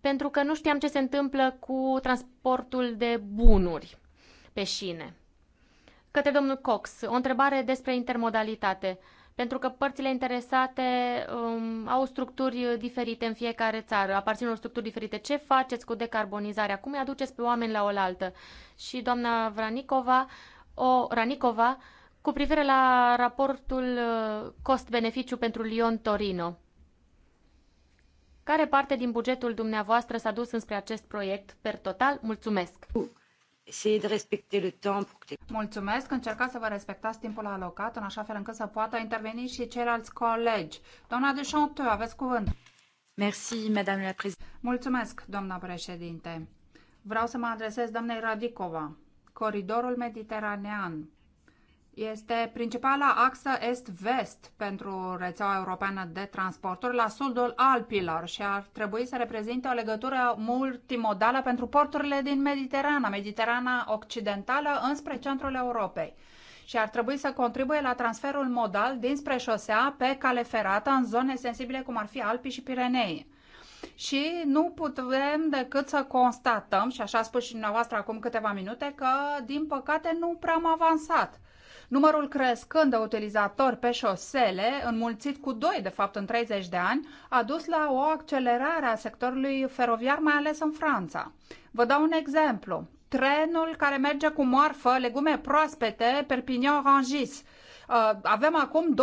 pentru că nu știam ce se întâmplă cu transportul de bunuri pe șine. Către domnul Cox, o întrebare despre intermodalitate, pentru că părțile interesate um, au structuri diferite în fiecare țară, aparțin unor structuri diferite. Ce faceți cu decarbonizarea? Cum îi aduceți pe oameni la oaltă? Și doamna Vranicova, o, Ranicova, cu privire la raportul uh, cost-beneficiu pentru Lyon-Torino. Care parte din bugetul dumneavoastră s-a dus înspre acest proiect
per total? Mulțumesc! Mulțumesc, încercați să vă respectați timpul alocat în așa fel încât să poată interveni și ceilalți colegi. Doamna de Chanteu, aveți cuvânt. Merci, madame la Mulțumesc, doamna președinte. Vreau să mă adresez doamnei Radicova. Coridorul mediteranean este principala axă est-vest pentru rețeaua europeană de transporturi la sudul Alpilor și ar trebui să reprezinte o legătură multimodală pentru porturile din Mediterana, Mediterana Occidentală înspre centrul Europei și ar trebui să contribuie la transferul modal dinspre șosea pe cale ferată în zone sensibile cum ar fi Alpii și Pirenei. Și nu putem decât să constatăm, și așa a spus și dumneavoastră acum câteva minute, că din păcate nu prea am avansat Numărul crescând de utilizatori pe șosele, înmulțit cu doi de fapt în 30 de ani, a dus la o accelerare a sectorului feroviar, mai ales în Franța. Vă dau un exemplu. Trenul care merge cu marfă, legume proaspete, Perpignan-Rangis, uh, avem acum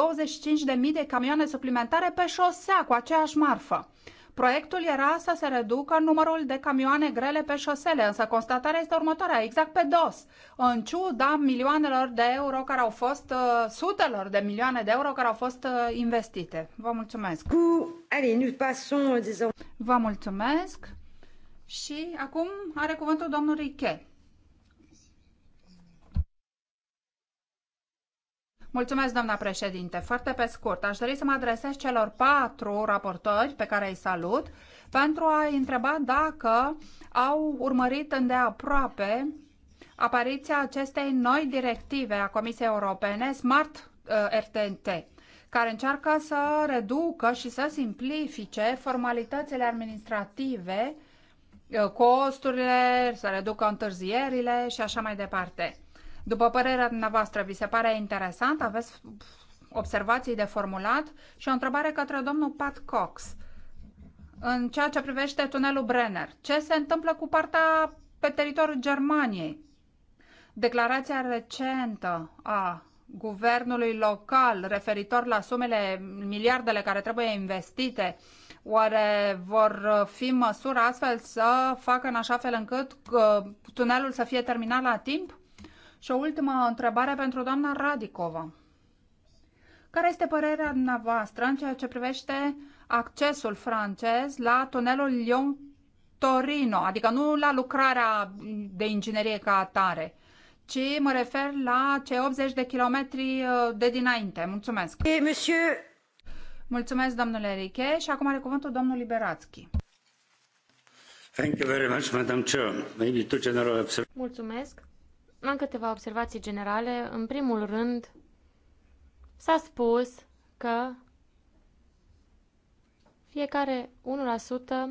25.000 de camioane suplimentare pe șosea cu aceeași marfă. Proiectul era să se reducă numărul de camioane grele pe șosele, însă constatarea este următoarea, exact pe dos. În ciuda milioanelor de euro care au fost, uh, sutelor de milioane de euro care au fost uh, investite. Vă mulțumesc! Cu... Allez, nous passons, Vă mulțumesc! Și acum are cuvântul domnul Riche. Mulțumesc, doamna președinte. Foarte pe scurt, aș dori să mă adresez celor patru raportori pe care îi salut pentru a întreba dacă au urmărit îndeaproape apariția acestei noi directive a Comisiei Europene, Smart uh, RTNT, care încearcă să reducă și să simplifice formalitățile administrative, uh, costurile, să reducă întârzierile și așa mai departe. După părerea dumneavoastră, vi se pare interesant? Aveți observații de formulat? Și o întrebare către domnul Pat Cox. În ceea ce privește tunelul Brenner, ce se întâmplă cu partea pe teritoriul Germaniei? Declarația recentă a guvernului local referitor la sumele, miliardele care trebuie investite, oare vor fi măsuri astfel să facă în așa fel încât uh, tunelul să fie terminat la timp? Și o ultimă întrebare pentru doamna Radicova. Care este părerea dumneavoastră în ceea ce privește accesul francez la tunelul Lyon-Torino, adică nu la lucrarea de inginerie ca atare, ci mă refer la cei 80 de kilometri uh, de dinainte. Mulțumesc! E, monsieur... Mulțumesc, domnule Riche, și acum are cuvântul domnul Liberațchi.
Thank you very much, Madam Chair. Maybe two general
Mulțumesc am câteva observații generale. În primul rând, s-a spus că fiecare 1%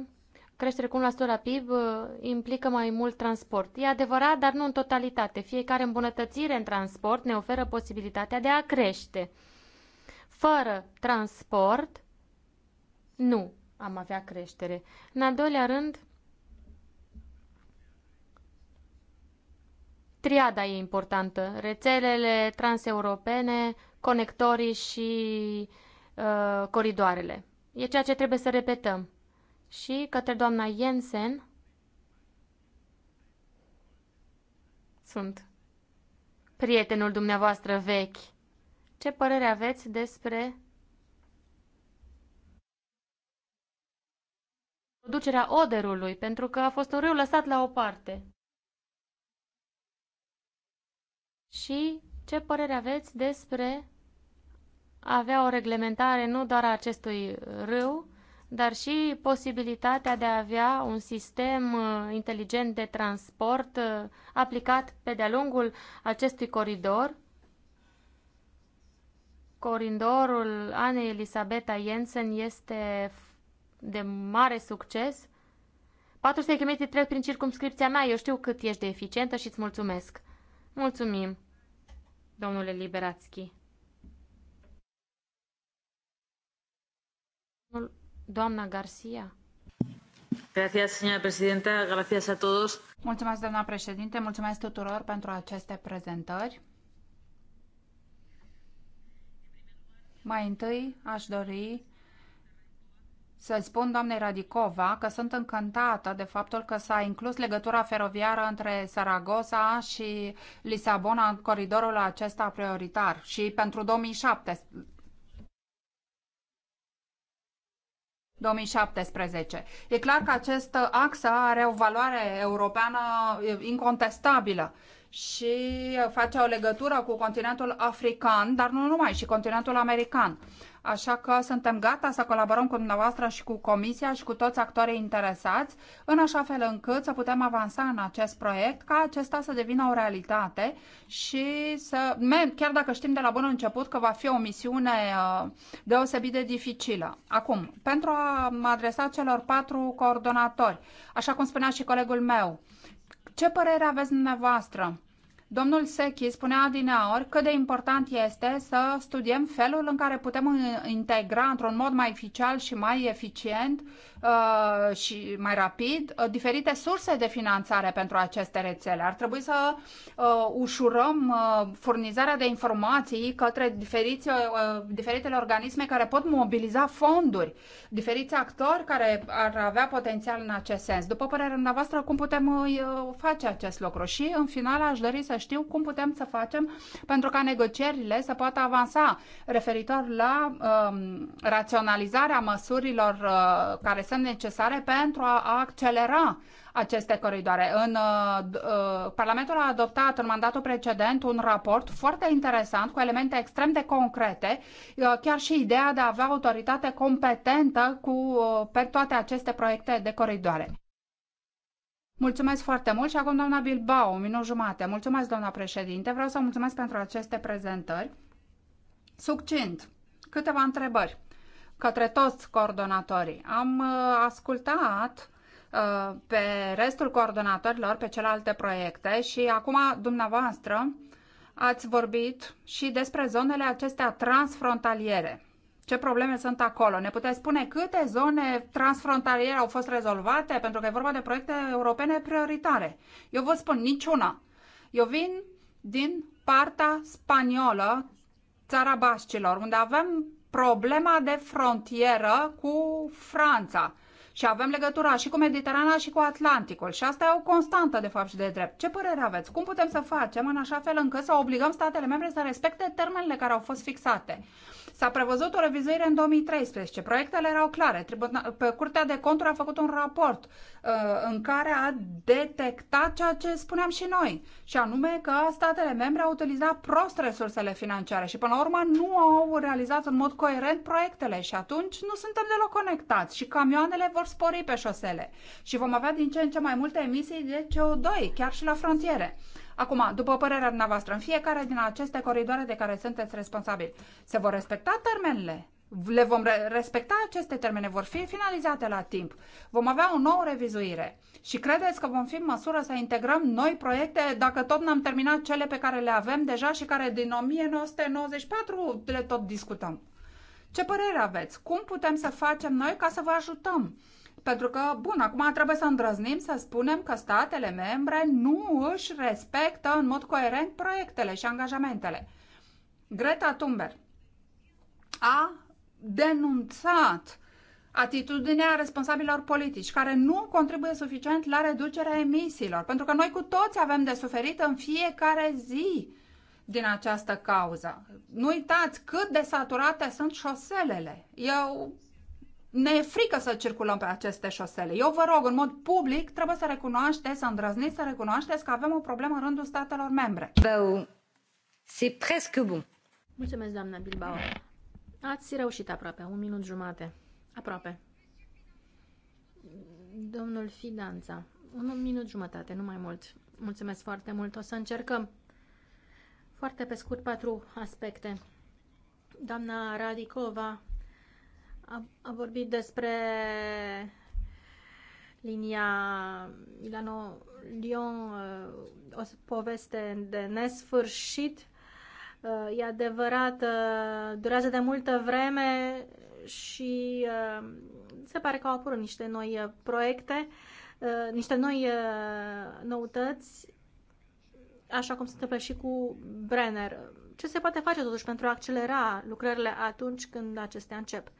creștere cu 1% la PIB uh, implică mai mult transport. E adevărat, dar nu în totalitate. Fiecare îmbunătățire în transport ne oferă posibilitatea de a crește. Fără transport, nu am avea creștere. În al doilea rând, triada e importantă. Rețelele transeuropene, conectorii și uh, coridoarele. E ceea ce trebuie să repetăm. Și către doamna Jensen sunt prietenul dumneavoastră vechi. Ce părere aveți despre producerea oderului, pentru că a fost un râu lăsat la o parte. Și ce părere aveți despre a avea o reglementare nu doar a acestui râu, dar și posibilitatea de a avea un sistem uh, inteligent de transport uh, aplicat pe de-a lungul acestui coridor, coridorul Anei Elisabeta Jensen este de mare succes. 400 km trec prin circumscripția mea, eu știu cât ești de eficientă și îți mulțumesc. Mulțumim! domnule Liberațchi.
Doamna Garcia.
Gracias, señora presidenta. Gracias a
todos. Mulțumesc, doamna președinte. Mulțumesc tuturor pentru aceste prezentări. Mai întâi aș dori să-i spun doamnei Radicova că sunt încântată de faptul că s-a inclus legătura feroviară între Saragosa și Lisabona în coridorul acesta prioritar și pentru 2017. 2017. E clar că acest axă are o valoare europeană incontestabilă și uh, face o legătură cu continentul african, dar nu numai, și continentul american. Așa că suntem gata să colaborăm cu dumneavoastră și cu Comisia și cu toți actorii interesați, în așa fel încât să putem avansa în acest proiect, ca acesta să devină o realitate și să, chiar dacă știm de la bun început că va fi o misiune uh, deosebit de dificilă. Acum, pentru a mă adresa celor patru coordonatori, așa cum spunea și colegul meu, ce părere aveți dumneavoastră? Domnul Sechi spunea adineaori cât de important este să studiem felul în care putem integra într-un mod mai eficient și mai eficient Uh, și mai rapid uh, diferite surse de finanțare pentru aceste rețele. Ar trebui să uh, ușurăm uh, furnizarea de informații către diferiți, uh, diferitele organisme care pot mobiliza fonduri, diferiți actori care ar avea potențial în acest sens. După părerea dumneavoastră, cum putem uh, face acest lucru? Și, în final, aș dori să știu cum putem să facem pentru ca negocierile să poată avansa referitor la um, raționalizarea măsurilor uh, care sunt necesare pentru a accelera aceste coridoare. În, uh, uh, Parlamentul a adoptat în mandatul precedent un raport foarte interesant cu elemente extrem de concrete, uh, chiar și ideea de a avea autoritate competentă cu, uh, pe toate aceste proiecte de coridoare. Mulțumesc foarte mult și acum doamna Bilbao, un minut jumate. Mulțumesc, doamna președinte. Vreau să mulțumesc pentru aceste prezentări. Succint, câteva întrebări către toți coordonatorii. Am uh, ascultat uh, pe restul coordonatorilor pe celelalte proiecte și acum dumneavoastră ați vorbit și despre zonele acestea transfrontaliere. Ce probleme sunt acolo? Ne puteți spune câte zone transfrontaliere au fost rezolvate? Pentru că e vorba de proiecte europene prioritare. Eu vă spun niciuna. Eu vin din partea spaniolă, țara Bascilor, unde avem problema de frontieră cu Franța. Și avem legătura și cu Mediterana și cu Atlanticul. Și asta e o constantă, de fapt, și de drept. Ce părere aveți? Cum putem să facem în așa fel încât să obligăm statele membre să respecte termenele care au fost fixate? S-a prevăzut o revizuire în 2013. Proiectele erau clare. Tribuna- pe Curtea de Conturi a făcut un raport uh, în care a detectat ceea ce spuneam și noi, și anume că statele membre au utilizat prost resursele financiare și până la urmă nu au realizat în mod coerent proiectele și atunci nu suntem deloc conectați și camioanele vor spori pe șosele și vom avea din ce în ce mai multe emisii de CO2, chiar și la frontiere. Acum, după părerea dumneavoastră, în fiecare din aceste coridoare de care sunteți responsabili, se vor respecta termenele? Le vom respecta aceste termene, vor fi finalizate la timp. Vom avea o nouă revizuire. Și credeți că vom fi în măsură să integrăm noi proiecte dacă tot n-am terminat cele pe care le avem deja și care din 1994 le tot discutăm? Ce părere aveți? Cum putem să facem noi ca să vă ajutăm? pentru că, bun, acum trebuie să îndrăznim să spunem că statele membre nu își respectă în mod coerent proiectele și angajamentele. Greta Thunberg a denunțat atitudinea responsabilor politici care nu contribuie suficient la reducerea emisiilor, pentru că noi cu toți avem de suferit în fiecare zi din această cauză. Nu uitați cât de saturate sunt șoselele. Eu ne e frică să circulăm pe aceste șosele. Eu vă rog, în mod public, trebuie să recunoașteți, să îndrăzniți să recunoașteți că avem o problemă în rândul statelor membre. Bău, c'est presque bun.
Mulțumesc, doamna Bilbao. Ați reușit aproape, un minut jumate. Aproape. Domnul Fidanța, un minut jumătate, nu mai mult. Mulțumesc foarte mult. O să încercăm foarte pe scurt patru aspecte. Doamna Radicova a, vorbit despre linia Milano-Lyon, uh, o poveste de nesfârșit. Uh, e adevărat, uh, durează de multă vreme și se pare că au apărut niște noi proiecte, niște noi noutăți, așa cum se întâmplă și cu Brenner. Ce se poate face totuși pentru a accelera lucrările atunci când acestea încep?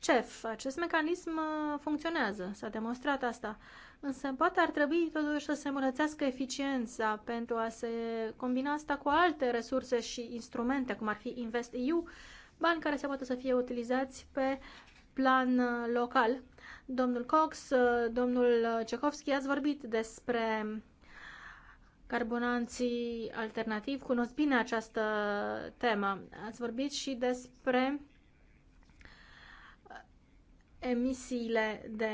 CEF. Acest mecanism uh, funcționează, s-a demonstrat asta. Însă poate ar trebui totuși să se îmbunătățească eficiența pentru a se combina asta cu alte resurse și instrumente, cum ar fi InvestEU, bani care se poate să fie utilizați pe plan uh, local. Domnul Cox, uh, domnul Cecovski, ați vorbit despre carbonanții alternativi. Cunosc bine această temă. Ați vorbit și despre emisiile de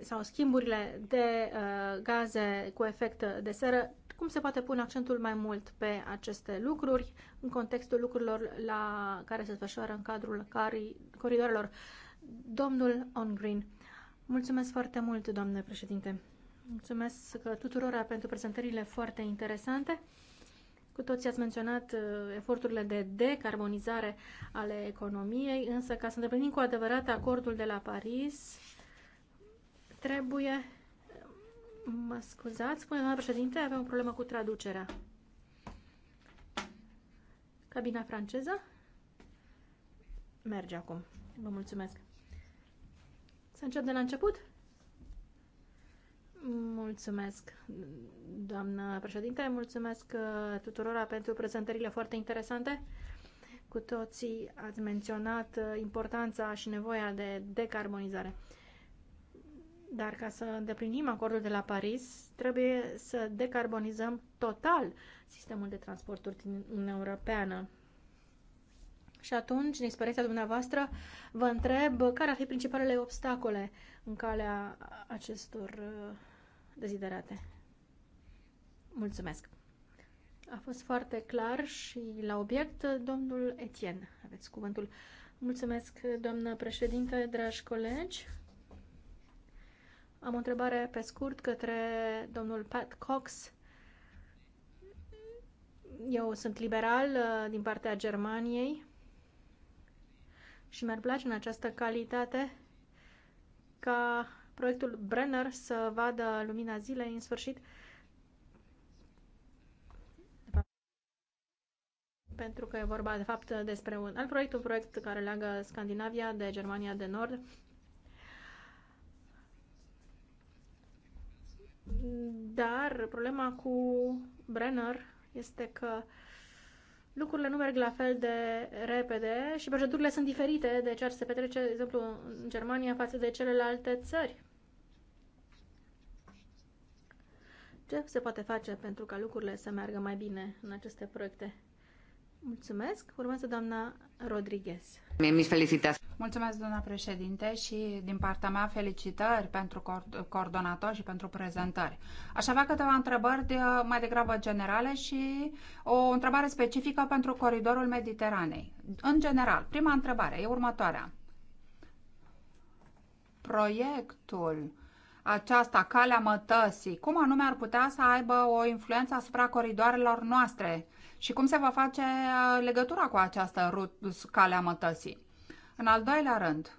sau schimburile de uh, gaze cu efect de seră, cum se poate pune accentul mai mult pe aceste lucruri în contextul lucrurilor la care se desfășoară în cadrul carii, Domnul On Green, mulțumesc foarte mult, domnule președinte. Mulțumesc tuturora pentru prezentările foarte interesante. Cu toții ați menționat uh, eforturile de decarbonizare ale economiei, însă ca să îndeplinim cu adevărat acordul de la Paris, trebuie... Mă scuzați, spune doamna președinte, avem o problemă cu traducerea. Cabina franceză? Merge acum. Vă mulțumesc. Să încep de la început? Mulțumesc, doamnă președinte, mulțumesc uh, tuturora pentru prezentările foarte interesante. Cu toții ați menționat uh, importanța și nevoia de decarbonizare. Dar ca să îndeplinim acordul de la Paris, trebuie să decarbonizăm total sistemul de transporturi din Uniunea Europeană. Și atunci, în experiența dumneavoastră, vă întreb care ar fi principalele obstacole în calea acestor uh, deziderate. Mulțumesc! A fost foarte clar și la obiect, domnul Etienne, aveți cuvântul. Mulțumesc, doamnă președinte, dragi colegi. Am o întrebare pe scurt către domnul Pat Cox. Eu sunt liberal uh, din partea Germaniei și mi-ar place în această calitate ca proiectul Brenner să vadă lumina zilei în sfârșit. Pentru că e vorba, de fapt, despre un alt proiect, un proiect care leagă Scandinavia de Germania de Nord. Dar problema cu Brenner este că uh, lucrurile nu merg la fel de repede și procedurile sunt diferite de ceea ce se petrece, de exemplu, în Germania față de celelalte țări. Ce se poate face pentru ca lucrurile să meargă mai bine în aceste proiecte?
Mulțumesc. Urmează doamna Rodriguez. Mi felicitați. Mulțumesc, doamna președinte, și din partea mea felicitări pentru co- coordonator și pentru prezentări. Aș avea câteva întrebări de, mai degrabă generale și o întrebare specifică pentru coridorul Mediteranei. În general, prima întrebare e următoarea. Proiectul aceasta, calea mătăsii, cum anume ar putea să aibă o influență asupra coridoarelor noastre și cum se va face uh, legătura cu această cale mătăsii. În al doilea rând,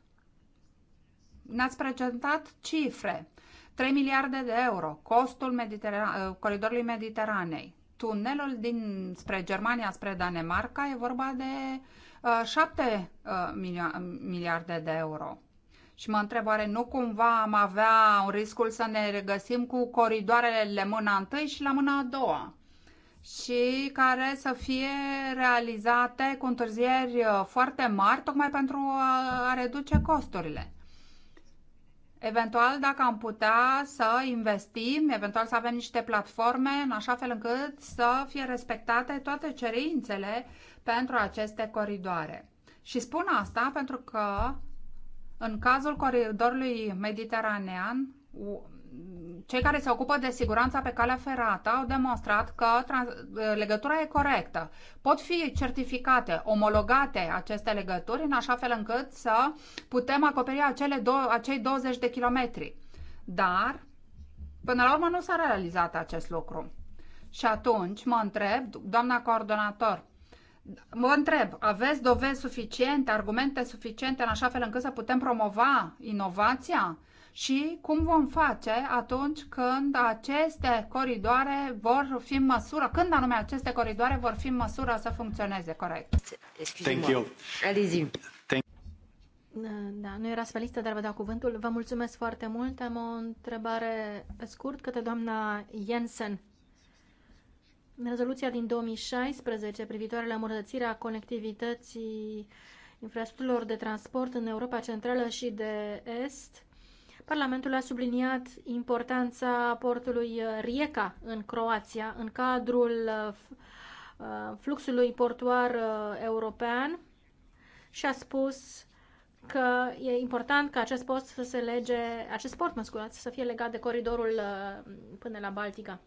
ne-ați prezentat cifre. 3 miliarde de euro, costul Mediterane- uh, coridorului Mediteranei. Tunelul din spre Germania, spre Danemarca, e vorba de uh, 7 uh, miliarde de euro. Și mă întreb, oare nu cumva am avea un riscul să ne regăsim cu coridoarele mâna întâi și la mâna a doua? și care să fie realizate cu întârzieri uh, foarte mari, tocmai pentru uh, a reduce costurile. Eventual, dacă am putea să investim, eventual să avem niște platforme în așa fel încât să fie respectate toate cerințele pentru aceste coridoare. Și spun asta pentru că în cazul coridorului mediteranean, cei care se ocupă de siguranța pe calea ferată au demonstrat că legătura e corectă. Pot fi certificate, omologate aceste legături în așa fel încât să putem acoperi acele do- acei 20 de kilometri. Dar, până la urmă, nu s-a realizat acest lucru. Și atunci mă întreb, doamna coordonator, Mă întreb, aveți dovezi suficiente, argumente suficiente în așa fel încât să putem promova inovația? și cum vom face atunci când aceste coridoare vor fi în măsură, când anume aceste coridoare vor fi în măsură să funcționeze corect. Thank you. Allez-y. Da, da, nu
era pe listă, dar vă dau cuvântul. Vă mulțumesc foarte mult. Am o întrebare scurt către doamna Jensen. În rezoluția din 2016 privitoare la îmbunătățirea conectivității infrastructurilor de transport în Europa Centrală și de Est, Parlamentul a subliniat importanța portului Rijeka în Croația în cadrul uh, fluxului portuar uh, european și a spus că e important ca acest port să se lege, acest port, mă scuzați, să fie legat de coridorul uh, până la Baltica.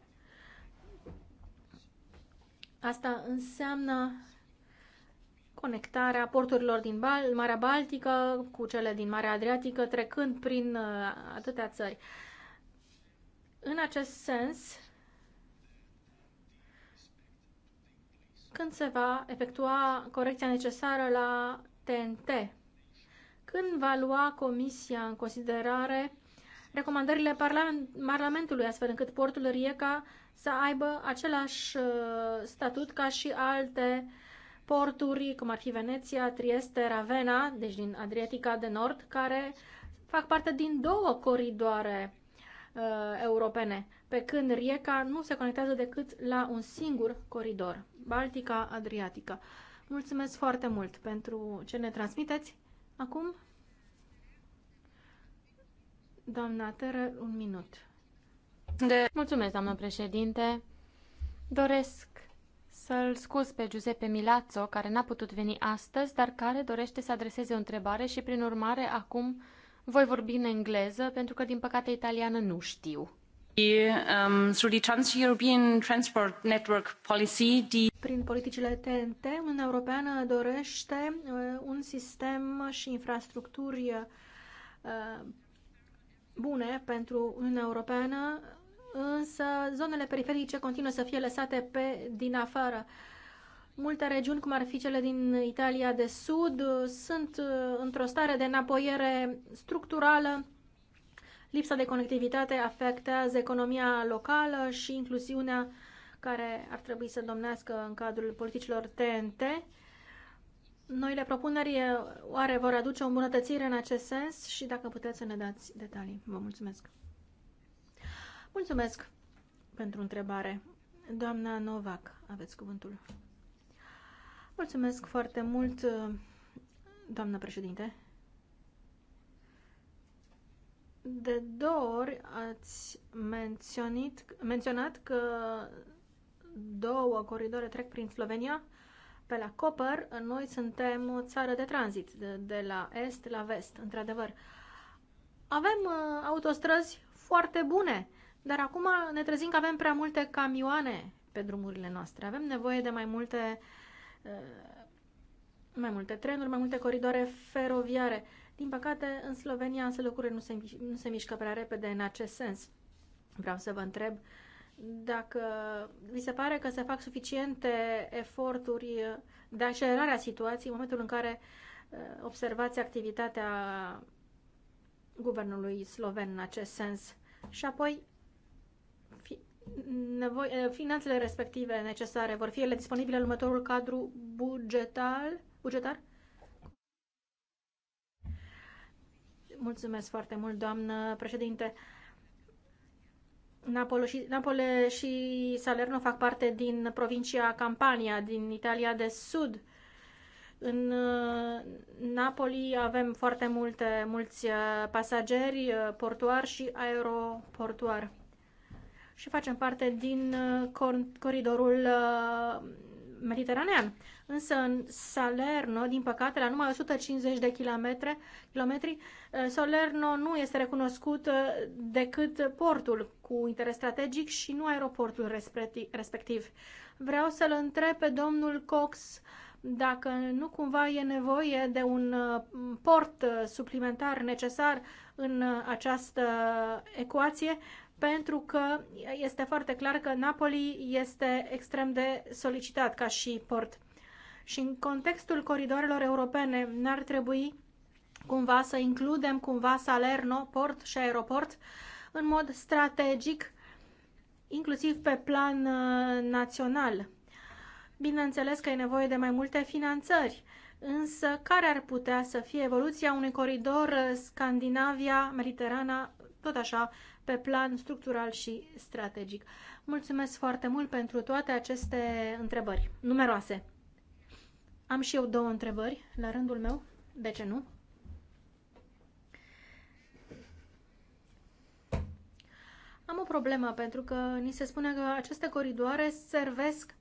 Asta înseamnă conectarea porturilor din Bal- Marea Baltică cu cele din Marea Adriatică, trecând prin uh, atâtea țări. În acest sens, când se va efectua corecția necesară la TNT? Când va lua Comisia în considerare recomandările parlament Parlamentului, astfel încât portul Rieca să aibă același uh, statut ca și alte uh, porturi, cum ar fi Veneția, Trieste, Ravenna, deci din Adriatica de Nord, care fac parte din două coridoare uh, europene, pe când Rieca nu se conectează decât la un singur coridor, Baltica-Adriatica. Mulțumesc foarte mult pentru ce ne transmiteți. Acum,
doamna Tără, un minut. De... Mulțumesc, doamnă președinte. Doresc să-l scuz pe Giuseppe Milazzo, care n-a putut veni astăzi, dar care dorește să adreseze o întrebare și, prin urmare, acum voi vorbi în engleză, pentru că, din păcate, italiană nu știu.
Um, prin politicile TNT, Uniunea Europeană dorește uh, un sistem și infrastructuri uh, bune pentru Uniunea Europeană însă zonele periferice continuă să fie lăsate pe din afară. Multe regiuni, cum ar fi cele din Italia de Sud, sunt uh, într-o stare de înapoiere structurală. Lipsa de conectivitate afectează economia locală și incluziunea care ar trebui să domnească în cadrul politicilor TNT. Noile propuneri oare vor aduce o îmbunătățire în acest sens și dacă puteți să ne dați detalii. Vă mulțumesc! Mulțumesc pentru întrebare. Doamna Novak, aveți cuvântul. Mulțumesc foarte mult, doamna președinte. De două ori ați menționit, menționat că două coridoare trec prin Slovenia pe la Copăr. Noi suntem o țară de tranzit, de, de la est la vest, într-adevăr. Avem uh, autostrăzi foarte bune dar acum ne trezim că avem prea multe camioane pe drumurile noastre. Avem nevoie de mai multe, uh, mai multe trenuri, mai multe coridoare feroviare. Din păcate, în Slovenia, însă, lucrurile nu se, nu se mișcă prea repede în acest sens. Vreau să vă întreb dacă vi se pare că se fac suficiente eforturi de accelerare a situației în momentul în care uh, observați activitatea guvernului sloven în acest sens. Și apoi, nevoie, eh, finanțele respective necesare vor fi ele disponibile în următorul cadru bugetal, bugetar? Mulțumesc foarte mult, doamnă președinte. Napoli și, Napole și Salerno fac parte din provincia Campania, din Italia de Sud. În eh, Napoli avem foarte multe, mulți eh, pasageri portuari și aeroportuari și facem parte din uh, coridorul uh, mediteranean. Însă în Salerno, din păcate, la numai 150 de kilometri, kilometri uh, Salerno nu este recunoscut decât portul cu interes strategic și nu aeroportul respectiv. Vreau să-l întreb pe domnul Cox dacă nu cumva e nevoie de un port suplimentar necesar în această ecuație, pentru că este foarte clar că Napoli este extrem de solicitat ca și port. Și în contextul coridoarelor europene n-ar trebui cumva să includem cumva Salerno, port și aeroport în mod strategic, inclusiv pe plan uh, național. Bineînțeles că e nevoie de mai multe finanțări, însă care ar putea să fie evoluția unui coridor uh, Scandinavia-Mediterana, tot așa, pe plan structural și strategic. Mulțumesc foarte mult pentru toate aceste întrebări numeroase. Am și eu două întrebări la rândul meu. De ce nu? Am o problemă pentru că ni se spune că aceste coridoare servesc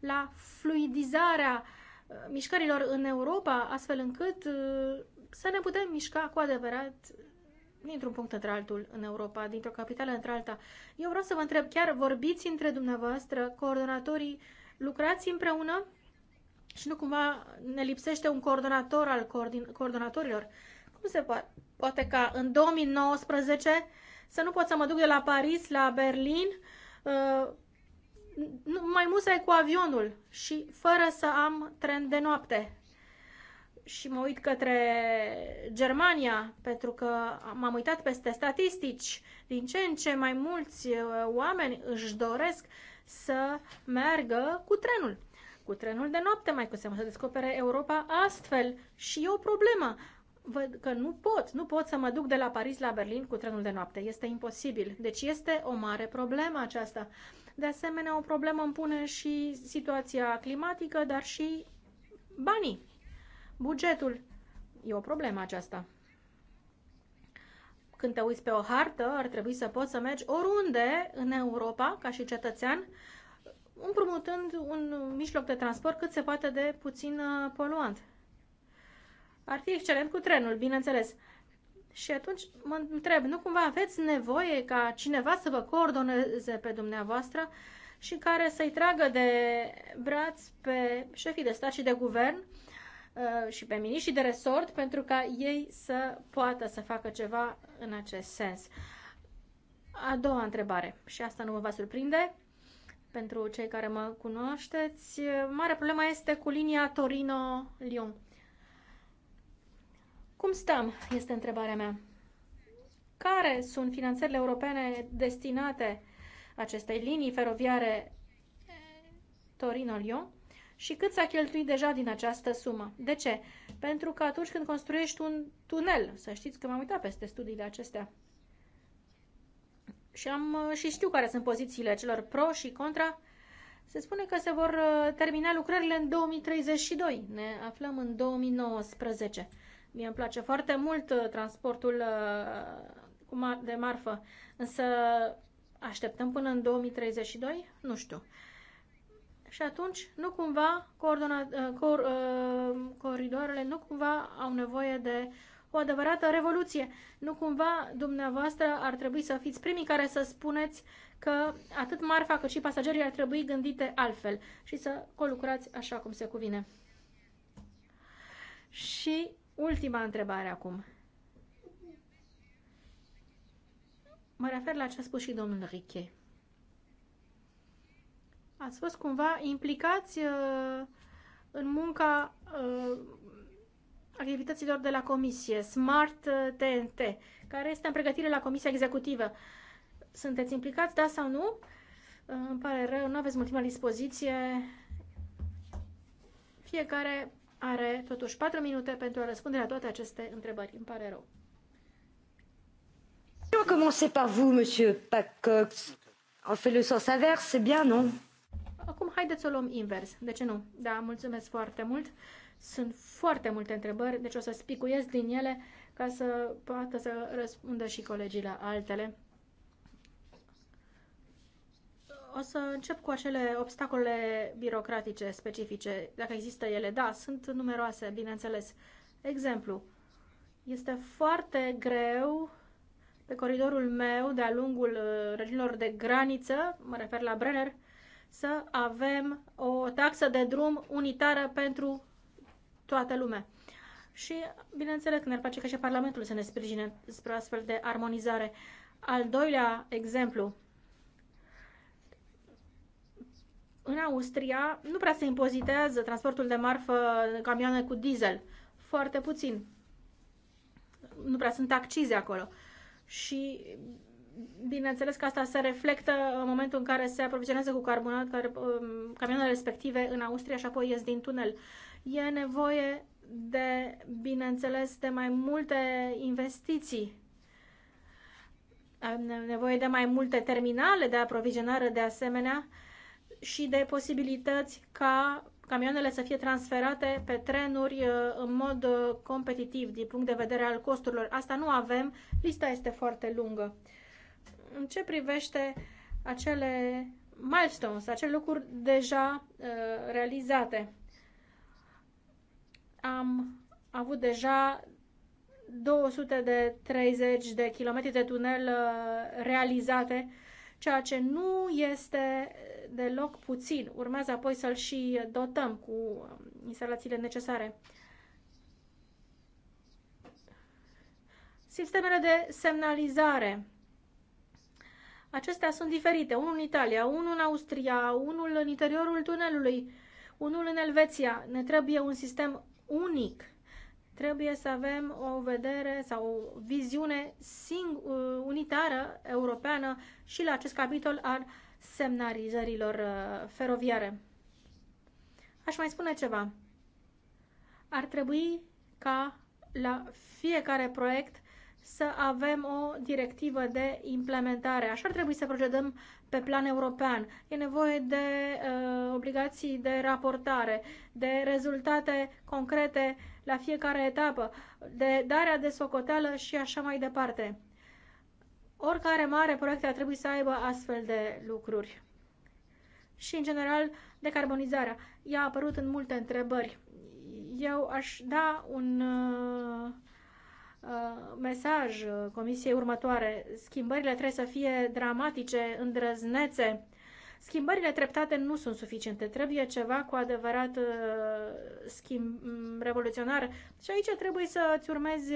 la fluidizarea uh, mișcărilor în Europa, astfel încât uh, să ne putem mișca cu adevărat dintr-un punct într-altul în Europa, dintr-o capitală într-alta. Eu vreau să vă întreb, chiar vorbiți între dumneavoastră, coordonatorii, lucrați împreună și nu cumva ne lipsește un coordonator al coordonatorilor? Cum se poate? Poate ca în 2019 să nu pot să mă duc de la Paris la Berlin uh, mai musai cu avionul și fără să am tren de noapte și mă uit către Germania, pentru că m-am uitat peste statistici. Din ce în ce mai mulți uh, oameni își doresc să meargă cu trenul. Cu trenul de noapte, mai cu seamă, să descopere Europa astfel. Și e o problemă. Văd că nu pot, nu pot să mă duc de la Paris la Berlin cu trenul de noapte. Este imposibil. Deci este o mare problemă aceasta. De asemenea, o problemă îmi pune și situația climatică, dar și banii bugetul. E o problemă aceasta. Când te uiți pe o hartă, ar trebui să poți să mergi oriunde în Europa, ca și cetățean, împrumutând un mijloc de transport cât se poate de puțin uh, poluant. Ar fi excelent cu trenul, bineînțeles. Și atunci mă întreb, nu cumva aveți nevoie ca cineva să vă coordoneze pe dumneavoastră și care să-i tragă de braț pe șefii de stat și de guvern Uh, și pe miniștri de resort pentru ca ei să poată să facă ceva în acest sens. A doua întrebare, și asta nu vă va surprinde, pentru cei care mă cunoașteți, mare problema este cu linia Torino-Lyon. Cum stăm? Este întrebarea mea. Care sunt finanțările europene destinate acestei linii feroviare Torino-Lyon? și cât s-a cheltuit deja din această sumă. De ce? Pentru că atunci când construiești un tunel, să știți că m-am uitat peste studiile acestea, și, am, uh, și știu care sunt pozițiile celor pro și contra, se spune că se vor uh, termina lucrările în 2032. Ne aflăm în 2019. Mie îmi place foarte mult uh, transportul de marfă, însă așteptăm până în 2032? Nu știu și atunci nu cumva uh, cor, uh, coridoarele nu cumva au nevoie de o adevărată revoluție. Nu cumva dumneavoastră ar trebui să fiți primii care să spuneți că atât marfa cât și pasagerii ar trebui gândite altfel și să colucrați așa cum se cuvine. Și ultima întrebare acum. Mă refer la ce a spus și domnul Riche ați fost cumva implicați uh, în munca uh, activităților de la Comisie Smart TNT, uh, care este în pregătire la Comisia Executivă. Sunteți implicați, da sau nu? Îmi pare rău, nu aveți mult dispoziție. Fiecare are totuși 4 minute pentru a răspunde la toate aceste întrebări. Îmi pare rău.
Commencez par vous, monsieur Pacox. On fait le sens inverse, c'est bien, non?
Acum haideți să o luăm invers. De ce nu? Da, mulțumesc foarte mult. Sunt foarte multe întrebări, deci o să spicuiesc din ele ca să poată să răspundă și colegii la altele. O să încep cu acele obstacole birocratice specifice, dacă există ele. Da, sunt numeroase, bineînțeles. Exemplu, este foarte greu pe coridorul meu de-a lungul uh, regiunilor de graniță, mă refer la Brenner, să avem o taxă de drum unitară pentru toată lumea. Și, bineînțeles, că ne-ar face ca și Parlamentul să ne sprijine spre astfel de armonizare. Al doilea exemplu. În Austria nu prea se impozitează transportul de marfă camioane cu diesel. Foarte puțin. Nu prea sunt accize acolo. Și bineînțeles că asta se reflectă în momentul în care se aprovizionează cu carbonat care, um, camioanele respective în Austria și apoi ies din tunel. E nevoie de, bineînțeles, de mai multe investiții. Am nevoie de mai multe terminale de aprovizionare de asemenea și de posibilități ca camioanele să fie transferate pe trenuri uh, în mod uh, competitiv din punct de vedere al costurilor. Asta nu avem, lista este foarte lungă în ce privește acele milestones, acele lucruri deja uh, realizate. Am avut deja 230 de kilometri de tunel uh, realizate, ceea ce nu este deloc puțin. Urmează apoi să-l și dotăm cu um, instalațiile necesare. Sistemele de semnalizare Acestea sunt diferite, unul în Italia, unul în Austria, unul în interiorul tunelului, unul în Elveția. Ne trebuie un sistem unic. Trebuie să avem o vedere sau o viziune sing- uh, unitară europeană și la acest capitol al semnalizărilor uh, feroviare. Aș mai spune ceva. Ar trebui ca la fiecare proiect să avem o directivă de implementare. Așa ar trebui să procedăm pe plan european. E nevoie de uh, obligații de raportare, de rezultate concrete la fiecare etapă, de darea de socoteală și așa mai departe. Oricare mare proiect ar trebui să aibă astfel de lucruri. Și, în general, decarbonizarea. Ea a apărut în multe întrebări. Eu aș da un... Uh, Uh, mesaj uh, comisiei următoare. Schimbările trebuie să fie dramatice, îndrăznețe. Schimbările treptate nu sunt suficiente. Trebuie ceva cu adevărat uh, schimb, mm, revoluționar. Și aici trebuie să îți urmezi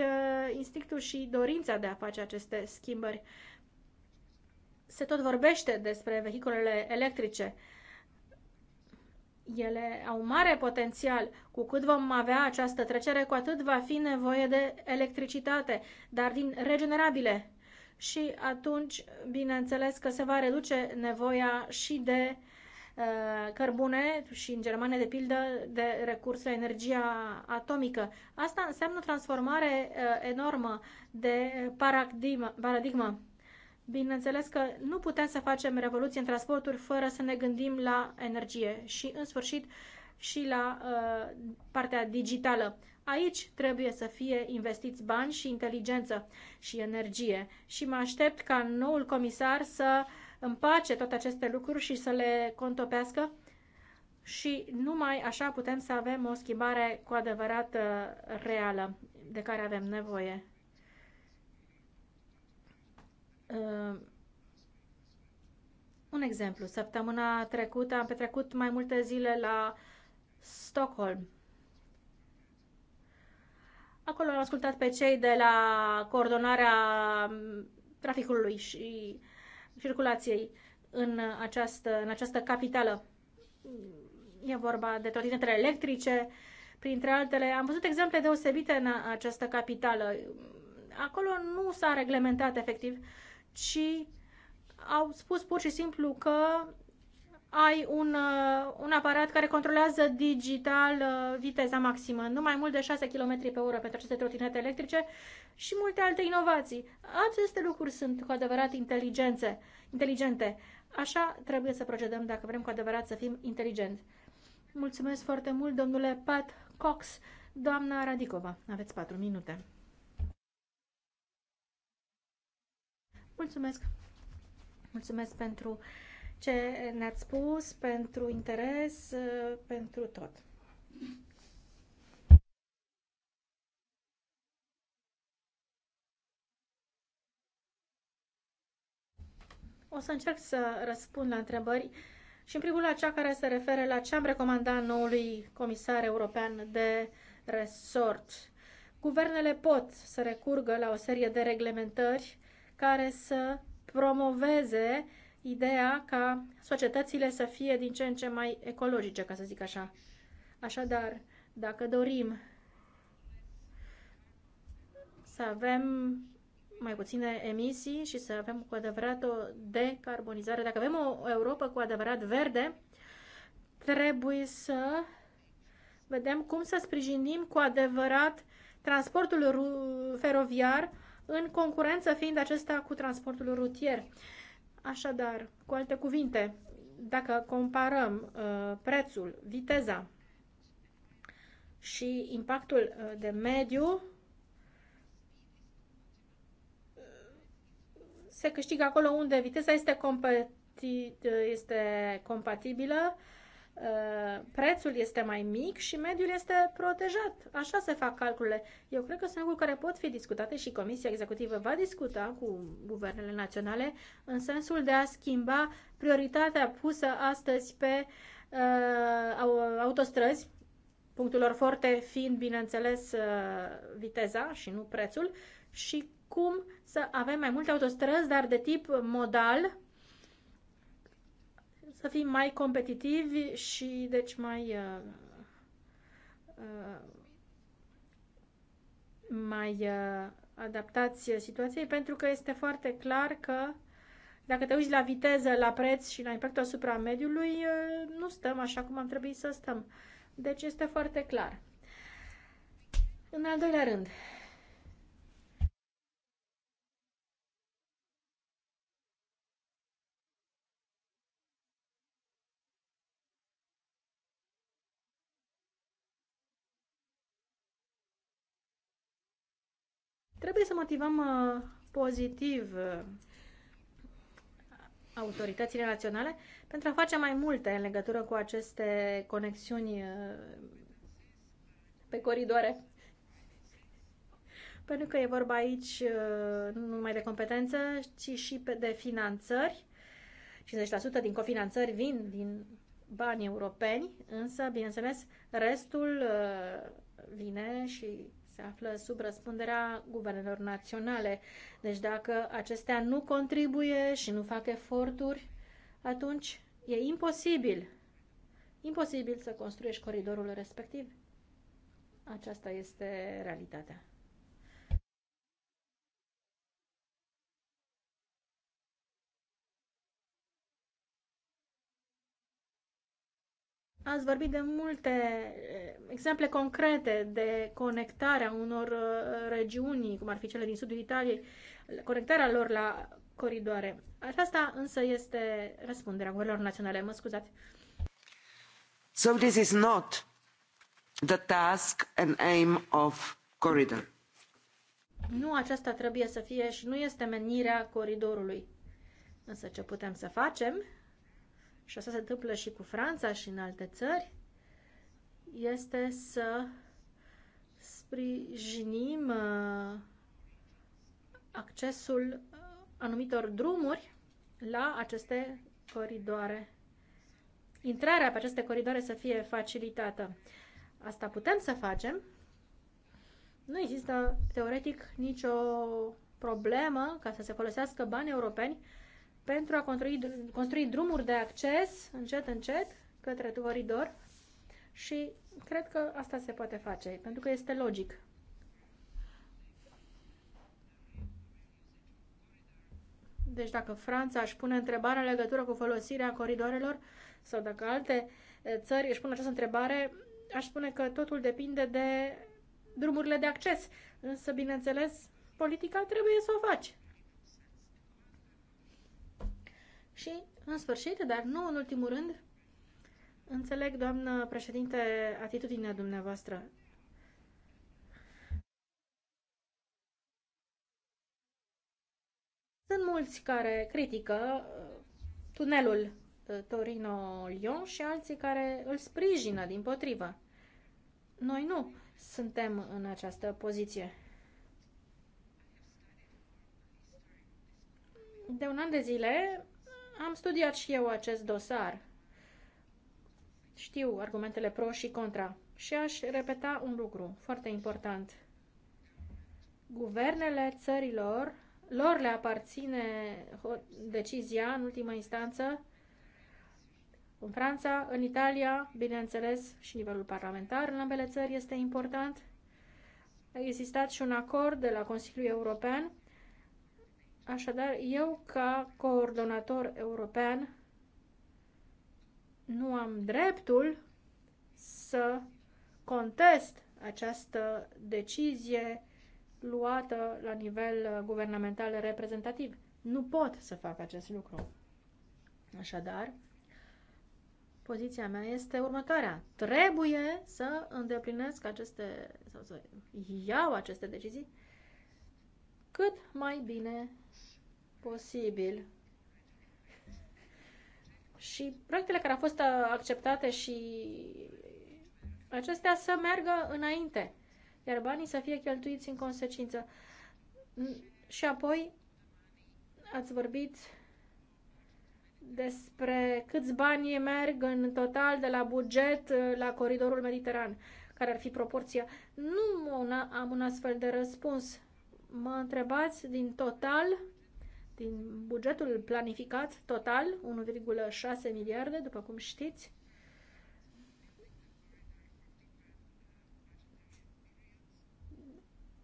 instinctul și dorința de a face aceste schimbări. Se tot vorbește despre vehiculele electrice ele au mare potențial. Cu cât vom avea această trecere, cu atât va fi nevoie de electricitate, dar din regenerabile. Și atunci, bineînțeles că se va reduce nevoia și de uh, cărbune și în Germania, de pildă, de recurs la energia atomică. Asta înseamnă transformare uh, enormă de paradigmă. paradigmă. Bineînțeles că nu putem să facem revoluție în transporturi fără să ne gândim la energie și, în sfârșit, și la uh, partea digitală. Aici trebuie să fie investiți bani și inteligență și energie și mă aștept ca noul comisar să împace toate aceste lucruri și să le contopească și numai așa putem să avem o schimbare cu adevărat uh, reală de care avem nevoie. Uh, un exemplu, săptămâna trecută am petrecut mai multe zile la Stockholm. Acolo am ascultat pe cei de la coordonarea traficului și circulației în această, în această capitală. E vorba de trotinetele electrice, printre altele. Am văzut exemple deosebite în această capitală. Acolo nu s-a reglementat efectiv ci au spus pur și simplu că ai un, uh, un aparat care controlează digital uh, viteza maximă, nu mai mult de 6 km pe oră pentru aceste trotinete electrice și multe alte inovații. Aceste lucruri sunt cu adevărat inteligențe, inteligente. Așa trebuie să procedăm dacă vrem cu adevărat să fim inteligenți. Mulțumesc foarte mult, domnule Pat Cox. Doamna Radicova, aveți 4 minute. Mulțumesc! Mulțumesc pentru ce ne-ați spus, pentru interes, pentru tot. O să încerc să răspund la întrebări și în primul la cea care se referă la ce am recomandat noului comisar european de resort. Guvernele pot să recurgă la o serie de reglementări care să promoveze ideea ca societățile să fie din ce în ce mai ecologice, ca să zic așa. Așadar, dacă dorim să avem mai puține emisii și să avem cu adevărat o decarbonizare, dacă avem o Europa cu adevărat verde, trebuie să vedem cum să sprijinim cu adevărat transportul feroviar în concurență fiind acesta cu transportul rutier. Așadar, cu alte cuvinte, dacă comparăm uh, prețul, viteza și impactul uh, de mediu, se câștigă acolo unde viteza este, compati este compatibilă Uh, prețul este mai mic și mediul este protejat. Așa se fac calculele. Eu cred că sunt lucruri care pot fi discutate și Comisia Executivă va discuta cu guvernele naționale în sensul de a schimba prioritatea pusă astăzi pe uh, autostrăzi, punctul lor forte fiind, bineînțeles, uh, viteza și nu prețul, și cum să avem mai multe autostrăzi, dar de tip modal, să fim mai competitivi și deci mai uh, uh, mai uh, adaptați situației pentru că este foarte clar că dacă te uiți la viteză, la preț și la impactul asupra mediului, nu stăm așa cum am trebuit să stăm. Deci este foarte clar. În al doilea rând, să motivăm uh, pozitiv uh, autoritățile naționale pentru a face mai multe în legătură cu aceste conexiuni uh, pe coridoare. Pentru că e vorba aici nu numai de competență, ci și de finanțări. 50% din cofinanțări vin din bani europeni, însă, bineînțeles, restul vine și se află sub răspunderea guvernelor naționale. Deci dacă acestea nu contribuie și nu fac eforturi, atunci e imposibil, imposibil să construiești coridorul respectiv. Aceasta este realitatea. Ați vorbit de multe eh, exemple concrete de conectarea unor eh, regiuni, cum ar fi cele din sudul Italiei, conectarea lor la coridoare. Aceasta însă este răspunderea guvernelor naționale. Mă scuzați.
So this is not the task and aim of corridor.
Nu aceasta trebuie să fie și nu este menirea coridorului. Însă ce putem să facem și asta se întâmplă și cu Franța și în alte țări, este să sprijinim uh, accesul uh, anumitor drumuri la aceste coridoare. Intrarea pe aceste coridoare să fie facilitată. Asta putem să facem. Nu există, teoretic, nicio problemă ca să se folosească bani europeni pentru a construi, construi drumuri de acces încet, încet către coridor și cred că asta se poate face, pentru că este logic. Deci dacă Franța își pune întrebarea în legătură cu folosirea coridoarelor sau dacă alte eh, țări își pun această întrebare, aș spune că totul depinde de drumurile de acces. Însă, bineînțeles, politica trebuie să o faci. Și, în sfârșit, dar nu în ultimul rând, înțeleg, doamnă președinte, atitudinea dumneavoastră. Sunt mulți care critică uh, tunelul uh, Torino-Lyon și alții care îl sprijină din potrivă. Noi nu suntem în această poziție. De un an de zile am studiat și eu acest dosar. Știu argumentele pro și contra și aș repeta un lucru foarte important. Guvernele țărilor, lor le aparține decizia în ultima instanță în Franța, în Italia, bineînțeles, și nivelul parlamentar în ambele țări este important. A existat și un acord de la Consiliul European Așadar, eu ca coordonator european nu am dreptul să contest această decizie luată la nivel uh, guvernamental reprezentativ. Nu pot să fac acest lucru. Așadar, poziția mea este următoarea. Trebuie să îndeplinesc aceste, sau să iau aceste decizii cât mai bine posibil. Și proiectele care au fost uh, acceptate și acestea să meargă înainte, iar banii să fie cheltuiți în consecință. Mm, și apoi ați vorbit despre câți bani merg în total de la buget uh, la coridorul mediteran, care ar fi proporția. Nu una, am un astfel de răspuns. Mă întrebați din total din bugetul planificat total, 1,6 miliarde, după cum știți.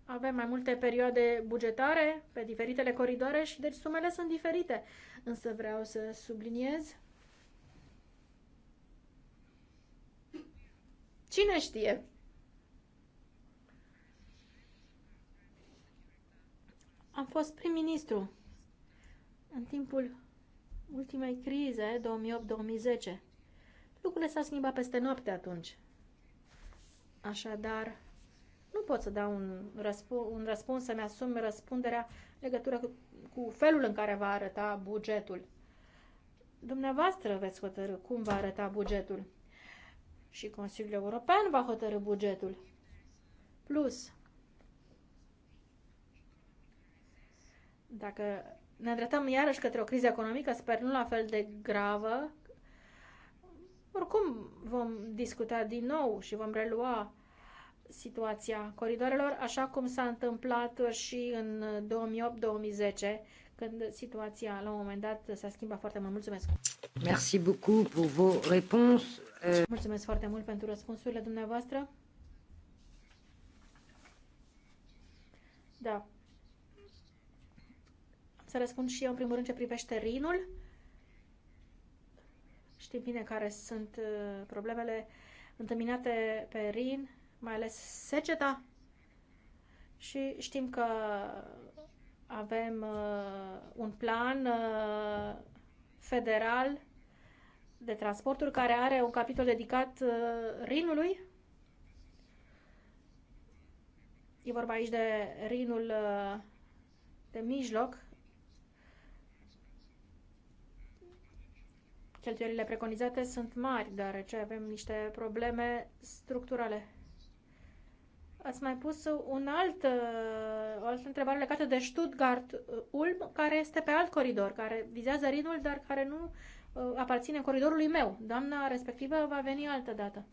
Avem mai multe perioade bugetare pe diferitele coridoare și deci sumele sunt diferite. Însă vreau să subliniez Cine știe? Am fost prim-ministru în timpul ultimei crize, 2008-2010. Lucrurile s-au schimbat peste noapte atunci. Așadar, nu pot să dau un, răspu- un răspuns, să-mi asum răspunderea legătură cu, cu felul în care va arăta bugetul. Dumneavoastră veți hotărâ cum va arăta bugetul. Și Consiliul European va hotărâ bugetul. Plus, dacă ne îndreptăm iarăși către o criză economică, sper nu la fel de gravă. Oricum vom discuta din nou și vom relua situația coridoarelor, așa cum s-a întâmplat și în 2008-2010, când situația la un moment dat s-a schimbat foarte mult. Mulțumesc!
Merci beaucoup pour vos réponses.
Euh, Mulțumesc foarte mult pentru răspunsurile dumneavoastră. Da, să răspund și eu în primul rând ce privește rinul. Știm bine care sunt uh, problemele întâminate pe rin, mai ales seceta. Și știm că avem uh, un plan uh, federal de transporturi care are un capitol dedicat uh, Rinului. E vorba aici de Rinul uh, de mijloc, Cheltuielile preconizate sunt mari, deoarece avem niște probleme structurale. Ați mai pus un alt, o altă întrebare legată de Stuttgart-Ulm, care este pe alt coridor, care vizează Rinul, dar care nu uh, aparține coridorului meu. Doamna respectivă va veni altă dată.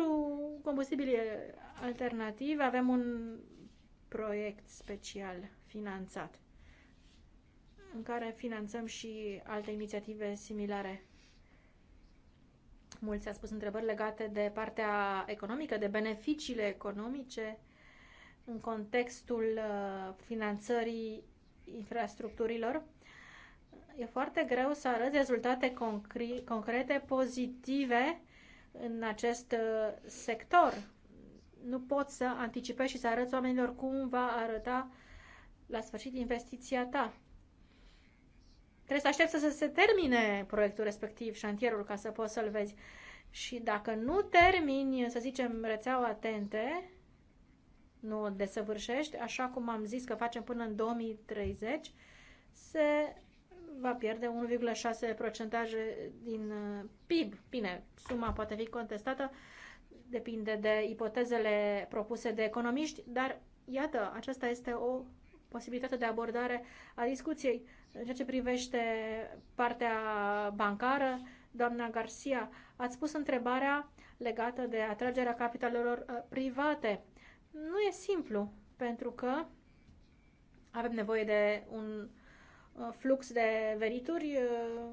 Pentru combustibile alternativi avem un proiect special finanțat în care finanțăm și alte inițiative similare. Mulți au spus întrebări legate de partea economică, de beneficiile economice în contextul uh, finanțării infrastructurilor. E foarte greu să arăți rezultate concrete pozitive în acest uh, sector. Nu poți să anticipezi și să arăți oamenilor cum va arăta la sfârșit investiția ta. Trebuie să aștepți să se termine proiectul respectiv, șantierul, ca să poți să-l vezi. Și dacă nu termini, să zicem, rețeaua atente, nu o desăvârșești, așa cum am zis că facem până în 2030, se va pierde 1,6% din uh, PIB. Bine, suma poate fi contestată, depinde de ipotezele propuse de economiști, dar iată, aceasta este o posibilitate de abordare a discuției. În ceea ce privește partea bancară, doamna Garcia, ați pus întrebarea legată de atragerea capitalelor uh, private. Nu e simplu, pentru că avem nevoie de un Uh, flux de venituri, uh,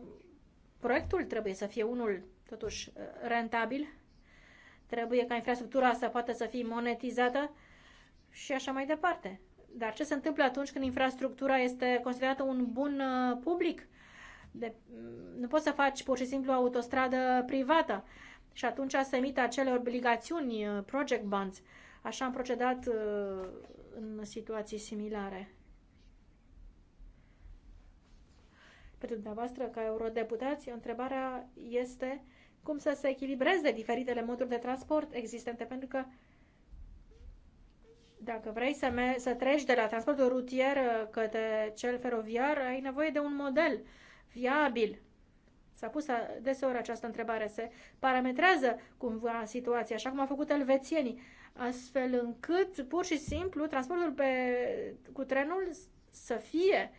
proiectul trebuie să fie unul totuși uh, rentabil, trebuie ca infrastructura să poată să fie monetizată și așa mai departe. Dar ce se întâmplă atunci când infrastructura este considerată un bun public? De, mm, nu poți să faci pur și simplu autostradă privată. Și atunci se emit acele obligațiuni, project bonds. Așa am procedat în situații similare. pentru dumneavoastră ca eurodeputați, întrebarea este cum să se echilibreze diferitele moduri de transport existente, pentru că dacă vrei să, me- să treci de la transportul rutier uh, către cel feroviar, ai nevoie de un model viabil. S-a pus deseori această întrebare. Se parametrează cumva situația, așa cum au făcut elvețienii, astfel încât, pur și simplu, transportul pe, cu trenul să fie uh,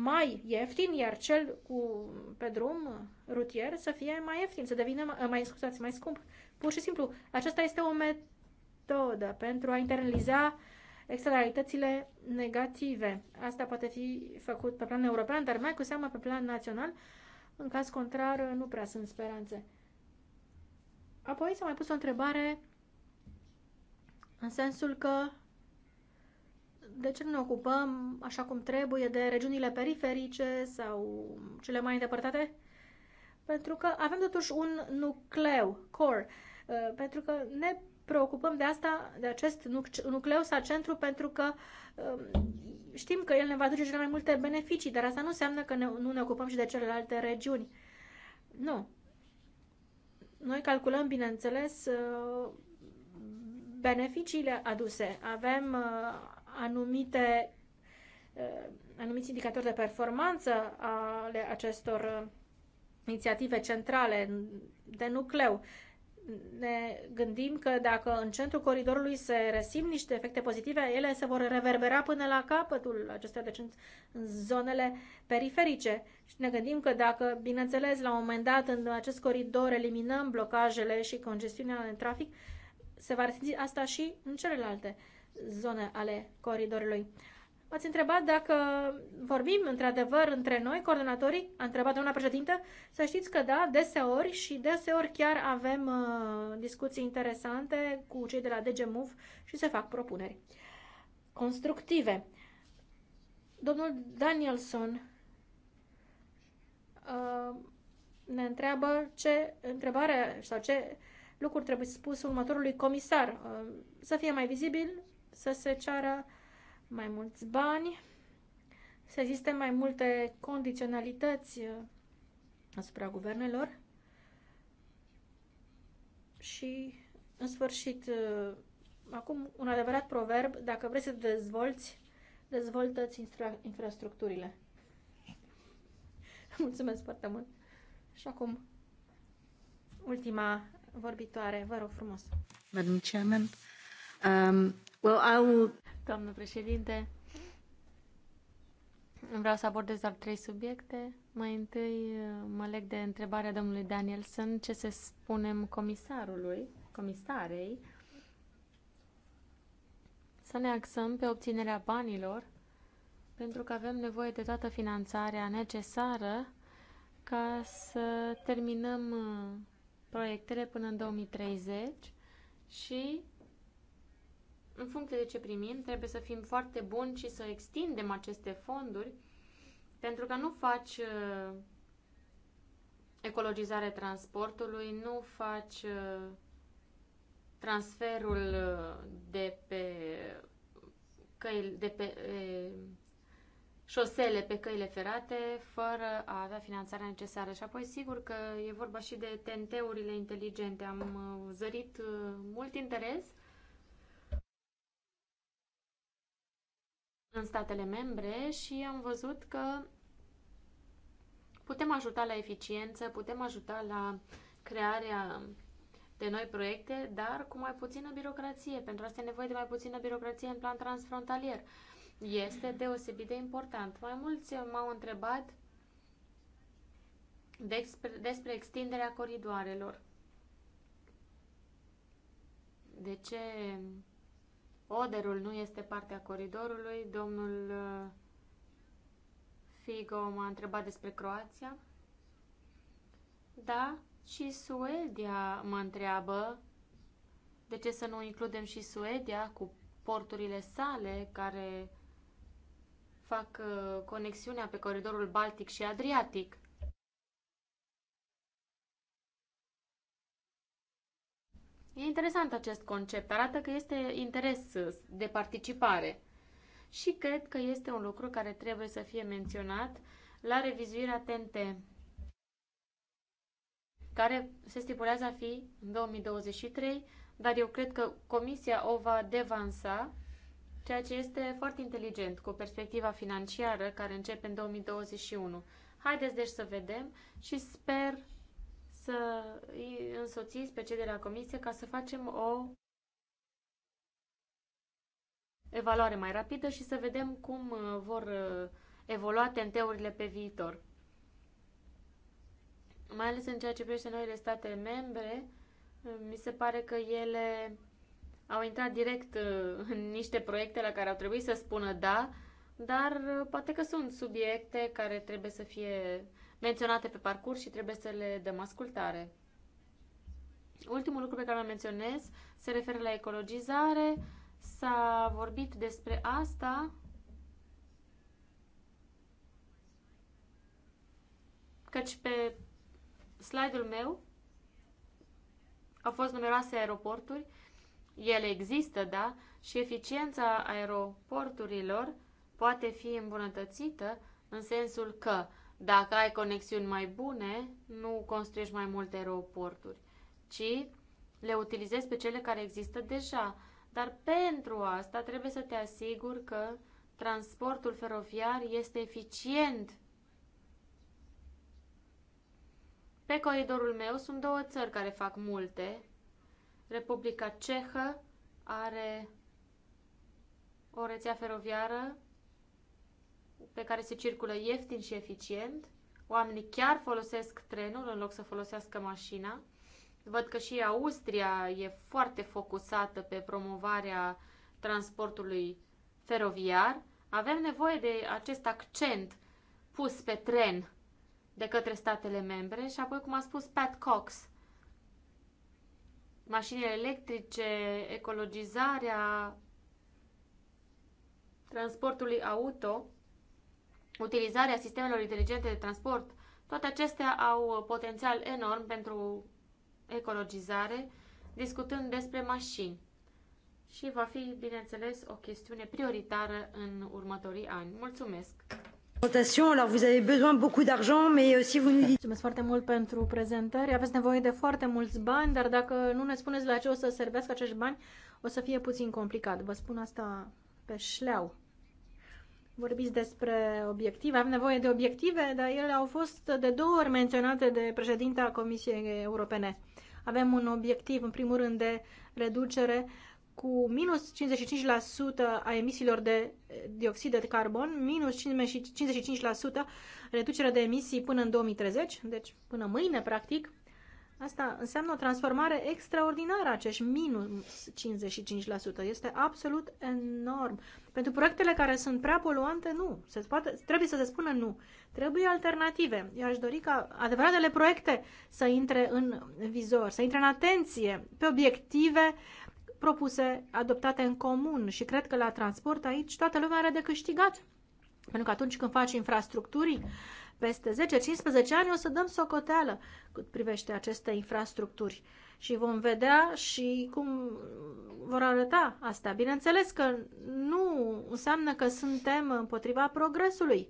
mai ieftin, iar cel cu, pe drum rutier să fie mai ieftin, să devină mai, scuzați, mai scump. Pur și simplu, aceasta este o metodă pentru a internaliza externalitățile negative. Asta poate fi făcut pe plan european, dar mai cu seamă pe plan național. În caz contrar, nu prea sunt speranțe. Apoi s-a mai pus o întrebare în sensul că de ce nu ne ocupăm așa cum trebuie de regiunile periferice sau cele mai îndepărtate? Pentru că avem totuși un nucleu, core, uh, pentru că ne preocupăm de asta, de acest nucleu sau centru, pentru că um, știm că el ne va aduce cele mai multe beneficii, dar asta nu înseamnă că ne, nu ne ocupăm și de celelalte regiuni. Nu. Noi calculăm, bineînțeles, uh, beneficiile aduse. Avem uh, anumite, eh, anumiți indicatori de performanță ale acestor eh, inițiative centrale de nucleu. Ne gândim că dacă în centrul coridorului se resim niște efecte pozitive, ele se vor reverbera până la capătul acestea, deci în zonele periferice. Și ne gândim că dacă, bineînțeles, la un moment dat în acest coridor eliminăm blocajele și congestiunea în trafic, se va resimți asta și în celelalte zone ale coridorului. M-ați întrebat dacă vorbim într-adevăr între noi, coordonatorii? A întrebat doamna președintă. Să știți că da, deseori și deseori chiar avem uh, discuții interesante cu cei de la DGMUV și se fac propuneri constructive. Domnul Danielson uh, ne întreabă ce întrebare sau ce lucruri trebuie spus următorului comisar. Uh, să fie mai vizibil să se ceară mai mulți bani, să existe mai multe condiționalități uh, asupra guvernelor și, în sfârșit, uh, acum un adevărat proverb, dacă vrei să te dezvolți, dezvoltă-ți infra infrastructurile. Mulțumesc foarte mult! Și acum, ultima vorbitoare, vă rog frumos. Madam Chairman, um, Well,
Doamnă președinte, vreau să abordez doar trei subiecte. Mai întâi mă leg de întrebarea domnului Danielson, ce se spunem comisarului, comisarei, să ne axăm pe obținerea banilor, pentru că avem nevoie de toată finanțarea necesară ca să terminăm uh, proiectele până în 2030 și în funcție de ce primim, trebuie să fim foarte buni și să extindem aceste fonduri, pentru că nu faci uh, ecologizare transportului, nu faci uh, transferul uh, de pe căi, de pe șosele pe căile ferate fără a avea finanțarea necesară. Și apoi, sigur că e vorba și de TNT-urile inteligente. Am zărit mult interes în statele membre și am văzut că putem ajuta la eficiență, putem ajuta la crearea de noi proiecte, dar cu mai puțină birocrație. Pentru asta e nevoie de mai puțină birocrație în plan transfrontalier. Este deosebit de important. Mai mulți m-au întrebat despre, despre extinderea coridoarelor. De ce Oderul nu este partea coridorului. Domnul uh, Figo m-a întrebat despre Croația. Da, și Suedia mă întreabă de ce să nu includem și Suedia cu porturile sale care fac uh, conexiunea pe coridorul Baltic și Adriatic. E interesant acest concept. Arată că este interes uh, de participare. Și cred că este un lucru care trebuie să fie menționat la revizuirea TNT, care se stipulează a fi în 2023, dar eu cred că Comisia o va devansa, ceea ce este foarte inteligent cu perspectiva financiară care începe în 2021. Haideți deci să vedem și sper să îi însoțiți pe cei de la comisie ca să facem o evaluare mai rapidă și să vedem cum uh, vor uh, evolua tenteurile pe viitor. Mai ales în ceea ce privește noile state membre, uh, mi se pare că ele au intrat direct în niște proiecte la care au trebuit să spună da, dar poate că sunt subiecte care trebuie să fie menționate pe parcurs și trebuie să le dăm ascultare. Ultimul lucru pe care îl menționez se referă la ecologizare. S-a vorbit despre asta căci pe slide-ul meu au fost numeroase aeroporturi, ele există, da, și eficiența aeroporturilor poate fi îmbunătățită în sensul că dacă ai conexiuni mai bune, nu construiești mai multe aeroporturi, ci le utilizezi pe cele care există deja. Dar pentru asta trebuie să te asiguri că transportul feroviar este eficient. Pe coridorul meu sunt două țări care fac multe. Republica Cehă are o rețea feroviară pe care se circulă ieftin și eficient. Oamenii chiar folosesc trenul în loc să folosească mașina. Văd că și Austria e foarte focusată pe promovarea transportului feroviar. Avem nevoie de acest accent pus pe tren de către statele membre și apoi, cum a spus Pat Cox, mașinile electrice, ecologizarea transportului auto utilizarea sistemelor inteligente de transport, toate acestea au uh, potențial enorm pentru ecologizare, discutând despre mașini. Și va fi, bineînțeles, o chestiune prioritară în următorii ani. Mulțumesc!
Alors,
vous avez besoin beaucoup d'argent, mais euh, si vous nous Mulțumesc foarte mult pentru prezentări. Aveți nevoie de foarte mulți bani, dar dacă nu ne spuneți la ce o să servească acești bani, o să fie puțin complicat. Vă spun asta pe șleau vorbiți despre obiective. Avem nevoie de obiective, dar ele au fost de două ori menționate de președinta Comisiei Europene. Avem un obiectiv, în primul rând, de reducere cu minus 55% a emisiilor de dioxid de carbon, minus 55% reducerea de emisii până în 2030, deci până mâine, practic, Asta înseamnă o transformare extraordinară, acești minus 55%. Este absolut enorm. Pentru proiectele care sunt prea poluante, nu. Se poate, trebuie să se spună nu. Trebuie alternative. Eu aș dori ca adevăratele proiecte să intre în vizor, să intre în atenție, pe obiective propuse, adoptate în comun și cred că la transport aici toată lumea are de câștigat. Pentru că atunci când faci infrastructurii, uh, peste 10-15 ani o să dăm socoteală cât privește aceste infrastructuri și vom vedea și cum vor arăta astea. Bineînțeles că nu înseamnă că suntem împotriva progresului.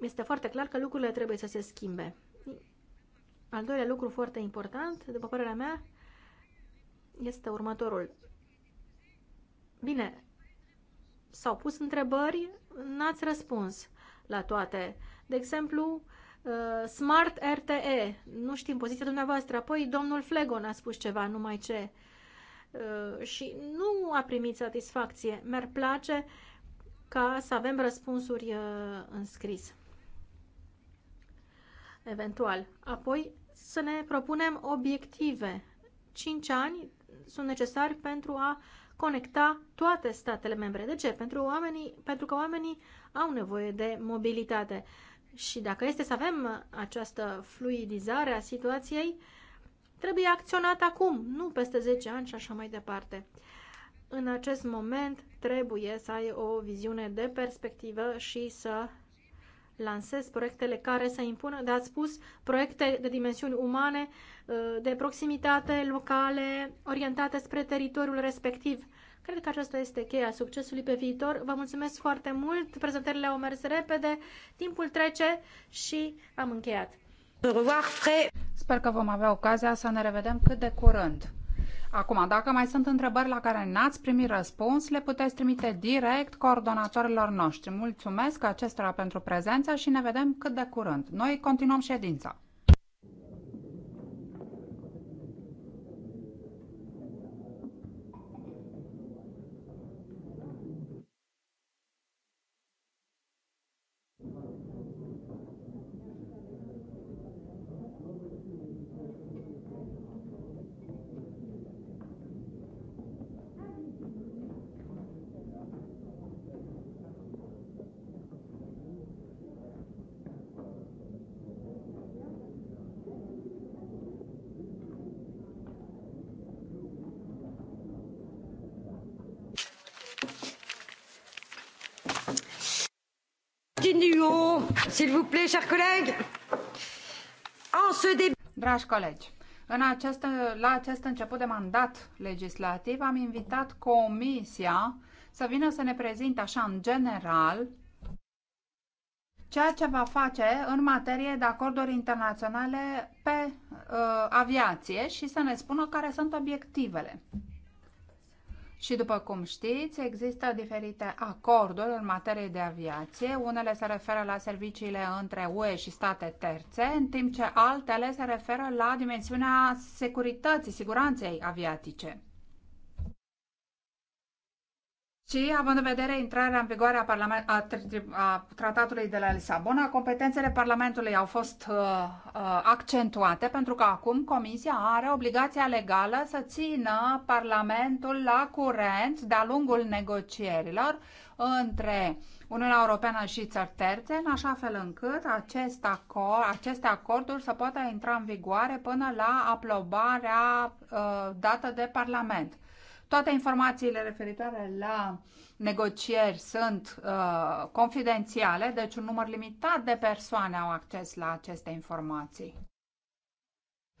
Este foarte clar că lucrurile trebuie să se schimbe. Al doilea lucru foarte important, după părerea mea, este următorul. Bine, s-au pus întrebări, n-ați răspuns la toate. De exemplu, uh, Smart RTE, nu știm poziția dumneavoastră, apoi domnul Flegon a spus ceva, numai ce, uh, și nu a primit satisfacție. Mi-ar place ca să avem răspunsuri uh, în scris, eventual. Apoi să ne propunem obiective. 5 ani sunt necesari pentru a conecta toate statele membre. De ce? Pentru, oamenii, pentru că oamenii au nevoie de mobilitate. Și dacă este să avem această fluidizare a situației, trebuie acționat acum, nu peste 10 ani și așa mai departe. În acest moment trebuie să ai o viziune de perspectivă și să lansez proiectele care să impună, dar ați spus, proiecte de dimensiuni umane, uh, de proximitate, locale, orientate spre teritoriul respectiv. Cred că aceasta este cheia succesului pe viitor. Vă mulțumesc foarte mult, prezentările au mers repede,
timpul trece și am încheiat. Sper că vom avea ocazia să ne revedem cât de curând. Acum, dacă mai sunt întrebări la care n-ați primit răspuns, le puteți trimite direct coordonatorilor noștri. Mulțumesc acestora pentru prezență și ne vedem cât de curând. Noi continuăm ședința. S'il vous plaît, chers collègues. En ce début... Dragi colegi, în această, la acest început de mandat legislativ am invitat Comisia să vină să ne prezinte așa în general ceea ce va face în materie de acorduri internaționale pe uh, aviație și să ne spună care sunt obiectivele. Și după cum știți, există diferite acorduri în materie de aviație. Unele se referă la serviciile între UE și state terțe, în timp ce altele se referă la dimensiunea securității, siguranței aviatice ci având în vedere intrarea în vigoare a, parlament, a, a tratatului de la Lisabona, competențele Parlamentului au fost uh, uh, accentuate pentru că acum Comisia are obligația legală să țină Parlamentul la curent de-a lungul negocierilor între Uniunea Europeană și țări terțe, în așa fel încât acest acord, aceste acorduri să poată intra în vigoare până la aprobarea uh, dată de Parlament. Toate informațiile referitoare la negocieri sunt uh, confidențiale, deci un număr limitat de persoane au acces la aceste informații.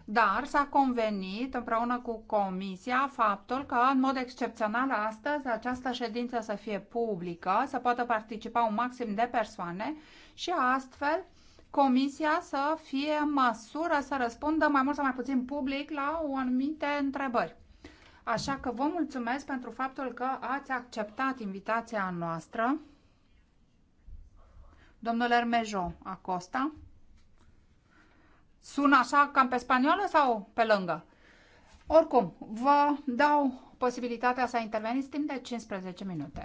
Dar s-a convenit împreună cu Comisia faptul că, în mod excepțional, astăzi această ședință să fie publică, să poată participa un maxim de persoane și astfel Comisia să fie în măsură să răspundă mai mult sau mai puțin public la o anumite întrebări. Așa că vă mulțumesc pentru faptul că ați acceptat invitația noastră. Domnul Hermejo Acosta. Sună așa cam pe spaniolă sau pe lângă? Oricum, vă dau posibilitatea să interveniți timp de 15 minute.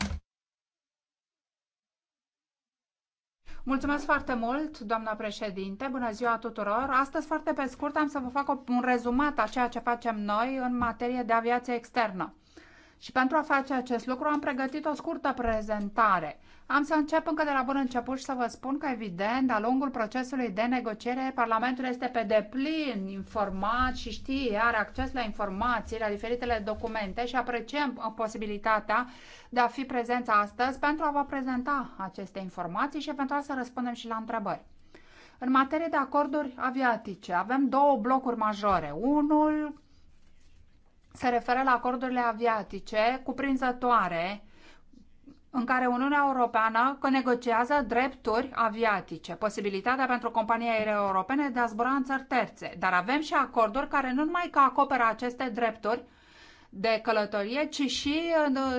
Mulțumesc foarte mult, doamna președinte, bună ziua tuturor. Astăzi, foarte pe scurt, am să vă fac un rezumat a ceea ce facem noi în materie de aviație externă. Și pentru a face acest lucru am pregătit o scurtă prezentare. Am să încep încă de la bun început și să vă spun că, evident, de-a lungul procesului de negociere, Parlamentul este pe deplin informat și știe, are acces la informații, la diferitele documente și apreciem posibilitatea de a fi prezenți astăzi pentru a vă prezenta aceste informații și pentru a să răspundem și la întrebări. În materie de acorduri aviatice, avem două blocuri majore. Unul se referă la acordurile aviatice cuprinzătoare în care Uniunea Europeană negociază drepturi aviatice, posibilitatea pentru companii aeriene europene de a zbura în țări terțe. Dar avem și acorduri care nu numai că acoperă aceste drepturi de călătorie, ci și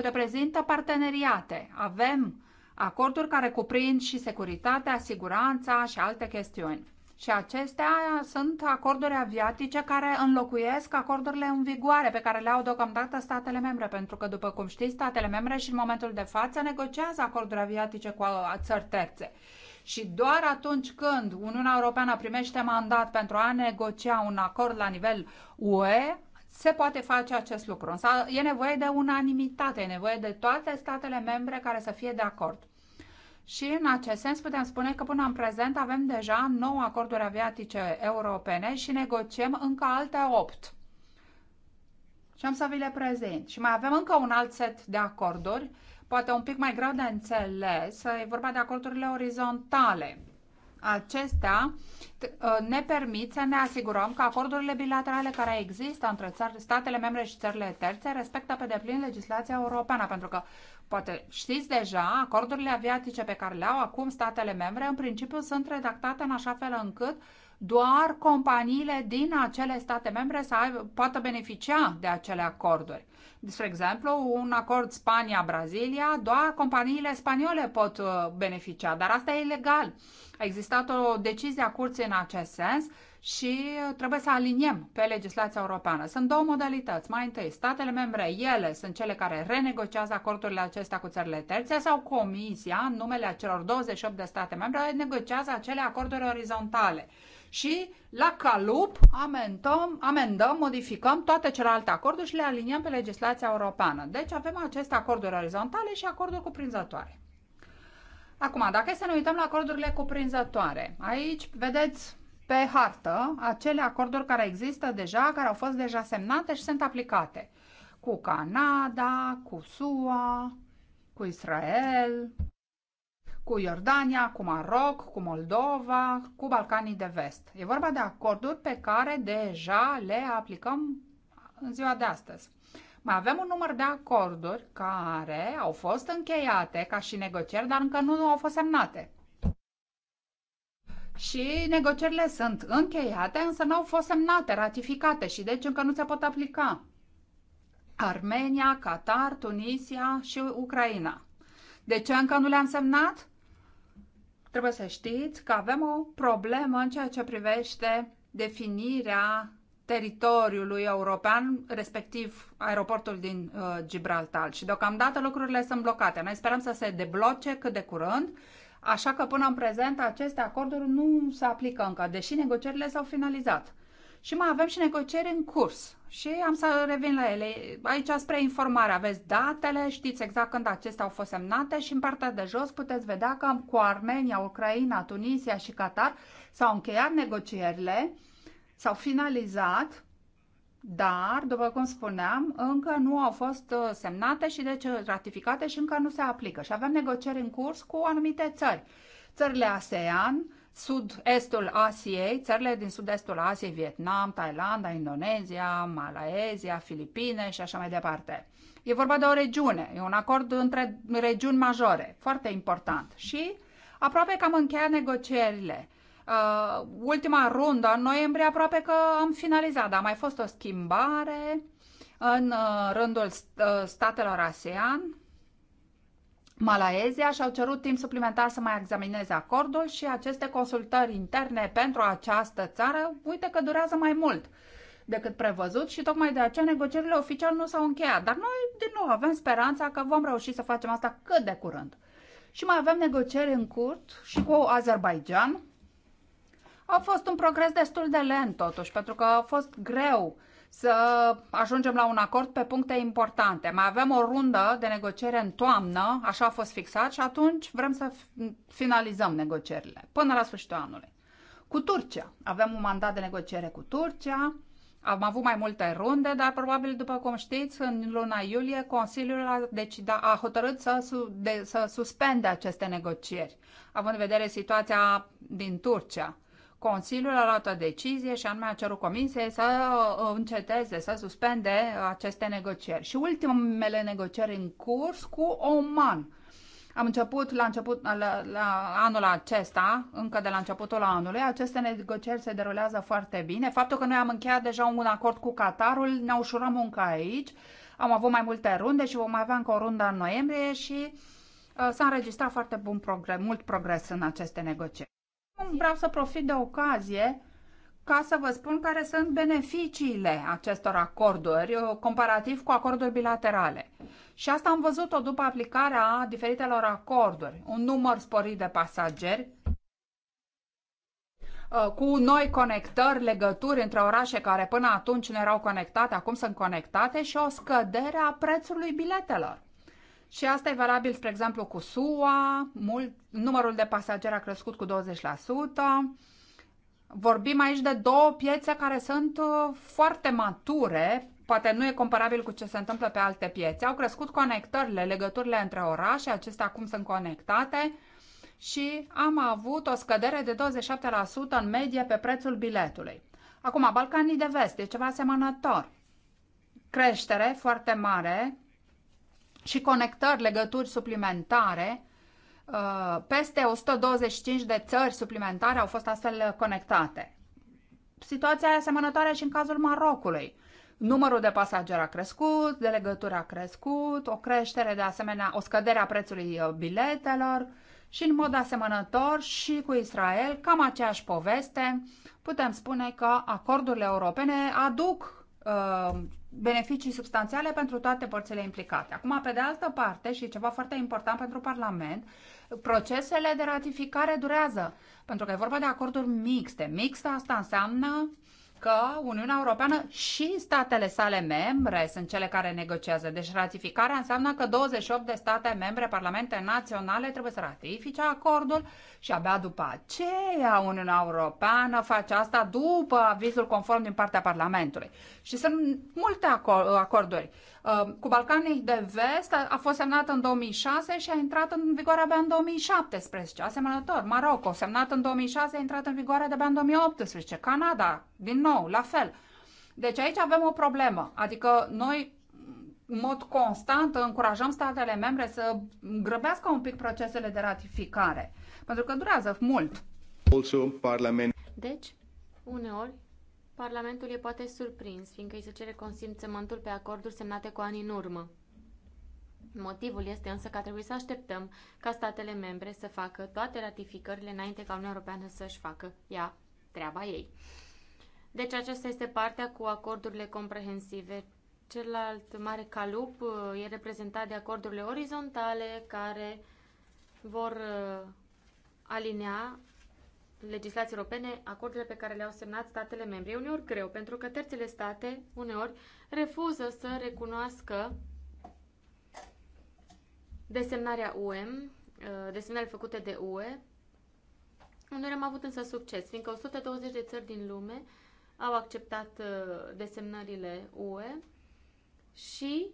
reprezintă parteneriate. Avem acorduri care cuprind și securitatea, siguranța și alte chestiuni. Și acestea sunt acorduri aviatice care înlocuiesc acordurile în vigoare pe care le au deocamdată statele membre, pentru că, după cum știți, statele membre și în momentul de față negociază acorduri aviatice cu uh, țări terțe. Și doar atunci când Uniunea Europeană primește mandat pentru a negocia un acord la nivel UE, se poate face acest lucru. Însă e nevoie de unanimitate, e nevoie de toate statele membre care să fie de acord. Și în acest sens putem spune că până în prezent avem deja 9 acorduri aviatice europene și negociem încă alte 8. Și am să vi le prezint. Și mai avem încă un alt set de acorduri, poate un pic mai greu de înțeles, e vorba de acordurile orizontale acestea ă, ne permit să ne asigurăm că acordurile bilaterale care există între statele membre și țările terțe respectă pe deplin legislația europeană, pentru că Poate știți deja, acordurile aviatice pe care le au acum statele membre, în principiu sunt redactate în așa fel încât doar companiile din acele state membre să aibă, poată beneficia de acele acorduri. Spre exemplu, un acord Spania-Brazilia, doar companiile spaniole pot uh, beneficia, dar asta e ilegal. A existat o decizie a curții în acest sens și uh, trebuie să aliniem pe legislația europeană. Sunt două modalități. Mai întâi, statele membre, ele sunt cele care renegociază acordurile acestea cu țările terțe sau Comisia, în numele acelor 28 de state membre, negociază acele acorduri orizontale și la calup amendăm, amendăm, modificăm toate celelalte acorduri și le aliniem pe legislația europeană. Deci avem aceste acorduri orizontale și acorduri cuprinzătoare. Acum, dacă să ne uităm la acordurile cuprinzătoare, aici vedeți pe hartă acele acorduri care există deja, care au fost deja semnate și sunt aplicate. Cu Canada, cu SUA, cu Israel, cu Iordania, cu Maroc, cu Moldova, cu Balcanii de Vest. E vorba de acorduri pe care deja le aplicăm în ziua de astăzi. Mai avem un număr de acorduri care au fost încheiate ca și negocieri, dar încă nu au fost semnate. Și negocierile sunt încheiate, însă nu au fost semnate, ratificate și deci încă nu se pot aplica. Armenia, Qatar, Tunisia și Ucraina. De ce încă nu le-am semnat? Trebuie să știți că avem o problemă în ceea ce privește definirea teritoriului european, respectiv aeroportul din uh, Gibraltar. Și deocamdată lucrurile sunt blocate. Noi sperăm să se debloce cât de curând, așa că până în prezent aceste acorduri nu se aplică încă, deși negocierile s-au finalizat. Și mai avem și negocieri în curs. Și am să revin la ele. Aici spre informare aveți datele, știți exact când acestea au fost semnate și în partea de jos puteți vedea că cu Armenia, Ucraina, Tunisia și Qatar s-au încheiat negocierile, s-au finalizat, dar, după cum spuneam, încă nu au fost uh, semnate și deci ratificate și încă nu se aplică. Și avem negocieri în curs cu anumite țări. Țările ASEAN, sud-estul Asiei, țările din sud-estul Asiei, Vietnam, Thailanda, Indonezia, Malaezia, Filipine și așa mai departe. E vorba de o regiune, e un acord între regiuni majore, foarte important. Și aproape că am încheiat negocierile. Uh, ultima rundă, în noiembrie, aproape că am finalizat, dar a mai fost o schimbare în uh, rândul st- uh, statelor ASEAN Malaezia și-au cerut timp suplimentar să mai examineze acordul și aceste consultări interne pentru această țară, uite că durează mai mult decât prevăzut și tocmai de aceea negocierile oficial nu s-au încheiat. Dar noi, din nou, avem speranța că vom reuși să facem asta cât de curând. Și mai avem negocieri în curt și cu Azerbaijan. A fost un progres destul de lent, totuși, pentru că a fost greu uh, să ajungem la un acord pe puncte importante. Mai avem o rundă de negociere în toamnă, așa a fost fixat și atunci vrem să finalizăm negocierile până la sfârșitul anului. Cu Turcia. Avem un mandat de negociere cu Turcia, am avut mai multe runde, dar probabil, după cum știți, în luna iulie Consiliul a, decida, a hotărât să, su, de, să suspende aceste negocieri, având în vedere situația din Turcia. Consiliul a luat o decizie și anume a cerut comisiei să uh, înceteze, să suspende aceste negocieri. Și ultimele negocieri în curs cu Oman. Am început la, început, la, la anul acesta, încă de la începutul anului, aceste negocieri se derulează foarte bine. Faptul că noi am încheiat deja un acord cu Qatarul ne ușurăm munca aici. Am avut mai multe runde și vom avea încă o rundă în noiembrie și uh, s-a înregistrat foarte bun progres, mult progres în aceste negocieri. Vreau să profit de ocazie ca să vă spun care sunt beneficiile acestor acorduri uh, comparativ cu acorduri bilaterale. Și asta am văzut-o după aplicarea diferitelor acorduri. Un număr sporit de pasageri, uh, cu noi conectări, legături între orașe care până atunci nu erau conectate, acum sunt conectate și o scădere a prețului biletelor. Și asta e valabil, spre exemplu, cu SUA, mult numărul de pasageri a crescut cu 20%. Vorbim aici de două piețe care sunt uh, foarte mature, poate nu e comparabil cu ce se întâmplă pe alte piețe. Au crescut conectările, legăturile între orașe, acestea acum sunt conectate și am avut o scădere de 27% în medie pe prețul biletului. Acum, Balcanii de Vest e ceva asemănător. Creștere foarte mare și conectări, legături suplimentare Uh, peste 125 de țări suplimentare au fost astfel conectate. Situația e asemănătoare și în cazul Marocului. Numărul de pasageri a crescut, de a crescut, o creștere de asemenea, o scădere a prețului uh, biletelor și în mod asemănător și cu Israel, cam aceeași poveste, putem spune că acordurile europene aduc uh, beneficii substanțiale pentru toate părțile implicate. Acum, pe de altă parte, și ceva foarte important pentru Parlament, procesele de ratificare durează, pentru că e vorba de acorduri mixte. Mixta asta înseamnă că Uniunea Europeană și statele sale membre sunt cele care negociază. Deci ratificarea înseamnă că 28 de state membre, parlamente naționale, trebuie să ratifice acordul și abia după aceea Uniunea Europeană face asta după avizul conform din partea Parlamentului. Și sunt multe acorduri Ehm, cu Balcanii de Vest a fost semnată în 2006 și a intrat în vigoare abia în 2017. Asemănător, Maroc, semnat în 2006, a intrat în vigoare de-abia în 2018. Canada, din nou, la fel. Deci aici avem o problemă. Adică noi în mod constant încurajăm statele membre să grăbească un pic procesele de ratificare, pentru că durează mult.
Also, parlament.
Deci, uneori
Parlamentul e poate surprins, fiindcă îi se cere consimțământul pe acorduri semnate cu ani în urmă. Motivul este însă că trebuie să așteptăm ca statele membre să facă toate ratificările înainte ca Uniunea Europeană să-și facă ea treaba ei. Deci aceasta este partea cu acordurile comprehensive. Celălalt mare calup uh, e reprezentat de acordurile orizontale care vor uh, alinea legislației europene acordurile pe care le-au semnat statele membre. E uneori greu, pentru că terțele state uneori refuză să recunoască desemnarea UEM, uh, desemnările făcute de UE. Uneori am avut însă succes, fiindcă 120 de țări din lume au acceptat uh, desemnările UE și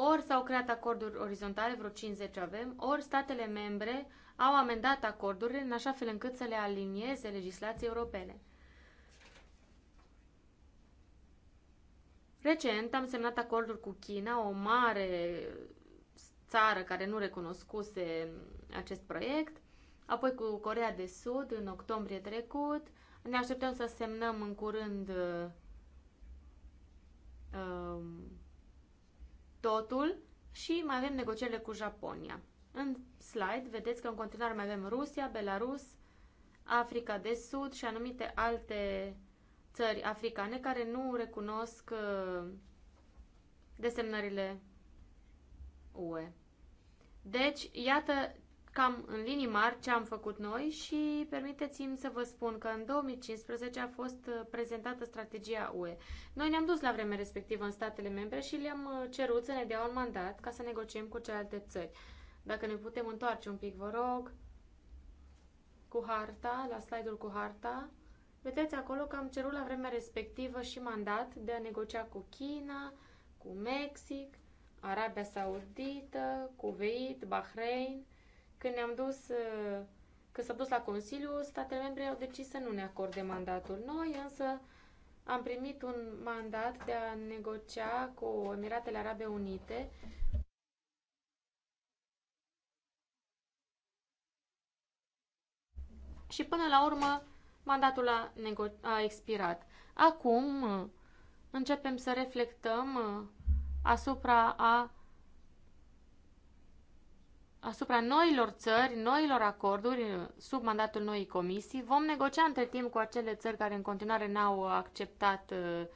ori s-au creat acorduri orizontale, vreo 50 avem, ori statele membre au amendat acordurile în așa fel încât să le alinieze legislației europene. Recent am semnat acorduri cu China, o mare țară care nu recunoscuse acest proiect, apoi cu Corea de Sud în octombrie trecut. Ne așteptăm să semnăm în curând uh, um, totul și mai avem negocierile cu Japonia. În slide vedeți că în continuare mai avem Rusia, Belarus, Africa de Sud și anumite alte țări africane care nu recunosc uh, desemnările UE. Deci, iată cam în linii mari ce am făcut noi și permiteți-mi să vă spun că în 2015 a fost uh, prezentată strategia UE. Noi ne-am dus la vremea respectivă în statele membre și le-am uh, cerut să ne dea un mandat ca să negociem cu celelalte țări. Dacă ne putem întoarce un pic, vă rog, cu harta, la slide-ul cu harta. Vedeți acolo că am cerut la vremea respectivă și mandat de a negocia cu China, cu Mexic, Arabia Saudită, Kuwait, Bahrain, când ne-am dus, uh, când s-a dus la Consiliu, statele membre au decis să nu ne acorde mandatul. Noi însă am primit un mandat de a negocia cu Emiratele Arabe Unite și până la urmă mandatul a, a expirat. Acum uh, începem să reflectăm uh, asupra a asupra noilor țări, noilor acorduri eh, sub mandatul noii comisii. Vom negocia între timp cu acele țări care în continuare n-au acceptat eh,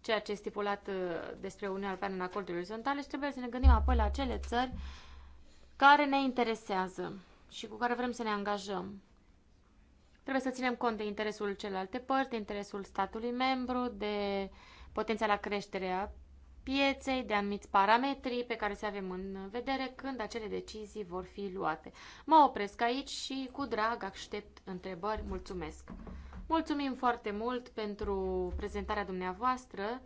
ceea ce e stipulat eh, despre Uniunea Europeană în acorduri orizontale și deci trebuie să ne gândim apoi la acele țări care ne interesează și cu care vrem să ne angajăm. Trebuie să ținem cont de interesul celelalte părți, de interesul statului membru, de potențiala creștere a pieței, de anumiți parametri pe care se avem în vedere când acele decizii vor fi luate. Mă opresc aici și cu drag aștept întrebări. Mulțumesc! Mulțumim foarte mult pentru prezentarea dumneavoastră,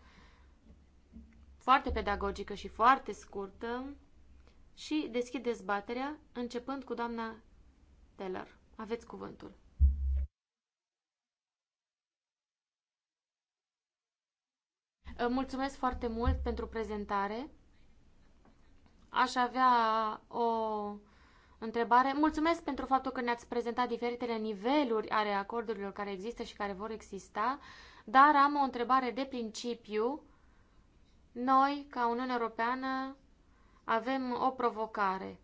foarte pedagogică și foarte scurtă și deschid dezbaterea începând cu doamna Teller. Aveți cuvântul. Ă, mulțumesc foarte mult pentru prezentare. Aș avea o întrebare. Mulțumesc pentru faptul că ne-ați prezentat diferitele niveluri ale acordurilor care există și care vor exista, dar am o întrebare de principiu. Noi, ca Uniunea Europeană, avem o provocare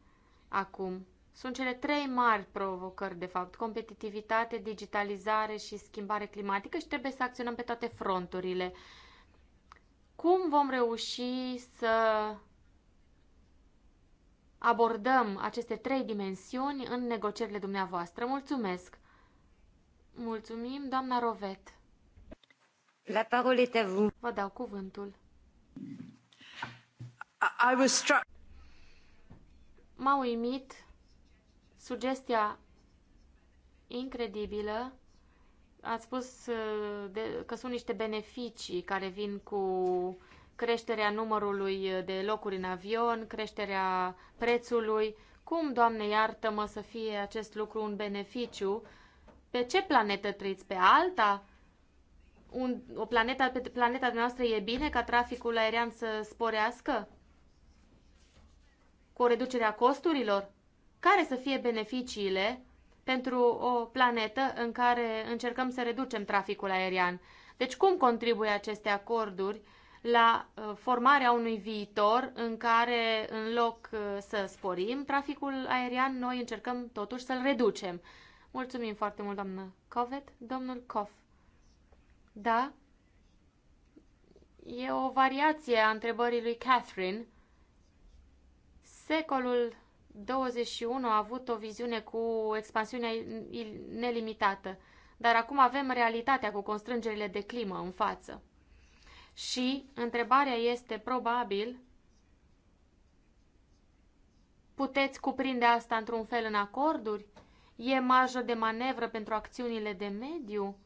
acum. Sunt cele trei mari provocări, de fapt, competitivitate, digitalizare și schimbare climatică și trebuie să acționăm pe toate fronturile. Uh, cum vom reuși să abordăm aceste trei dimensiuni în negocierile dumneavoastră? Mulțumesc! Mulțumim, doamna Rovet. La parole este vous. Vă dau cuvântul. I was M-a uimit sugestia incredibilă Ați spus uh, că sunt niște beneficii care vin cu creșterea numărului uh, de locuri în avion, creșterea prețului. Cum, Doamne, iartă-mă să fie acest lucru un beneficiu? Pe ce planetă trăiți? Pe alta? Un, o planetă, pe planeta noastră e bine ca traficul aerian să sporească? Cu o reducere a costurilor? Care să fie beneficiile pentru o planetă în care încercăm să reducem traficul aerian. Deci cum contribuie aceste acorduri la uh, formarea unui viitor în care, în loc uh, să sporim traficul aerian, noi încercăm totuși să-l reducem? Mulțumim foarte mult, doamnă Covet. Domnul Cof. Da? E o variație a întrebării lui Catherine. Secolul 21 a avut o viziune cu expansiunea nelimitată, dar acum avem realitatea cu constrângerile de climă în față. Și întrebarea este probabil puteți cuprinde asta într-un fel în acorduri? E marjă de manevră pentru acțiunile de mediu?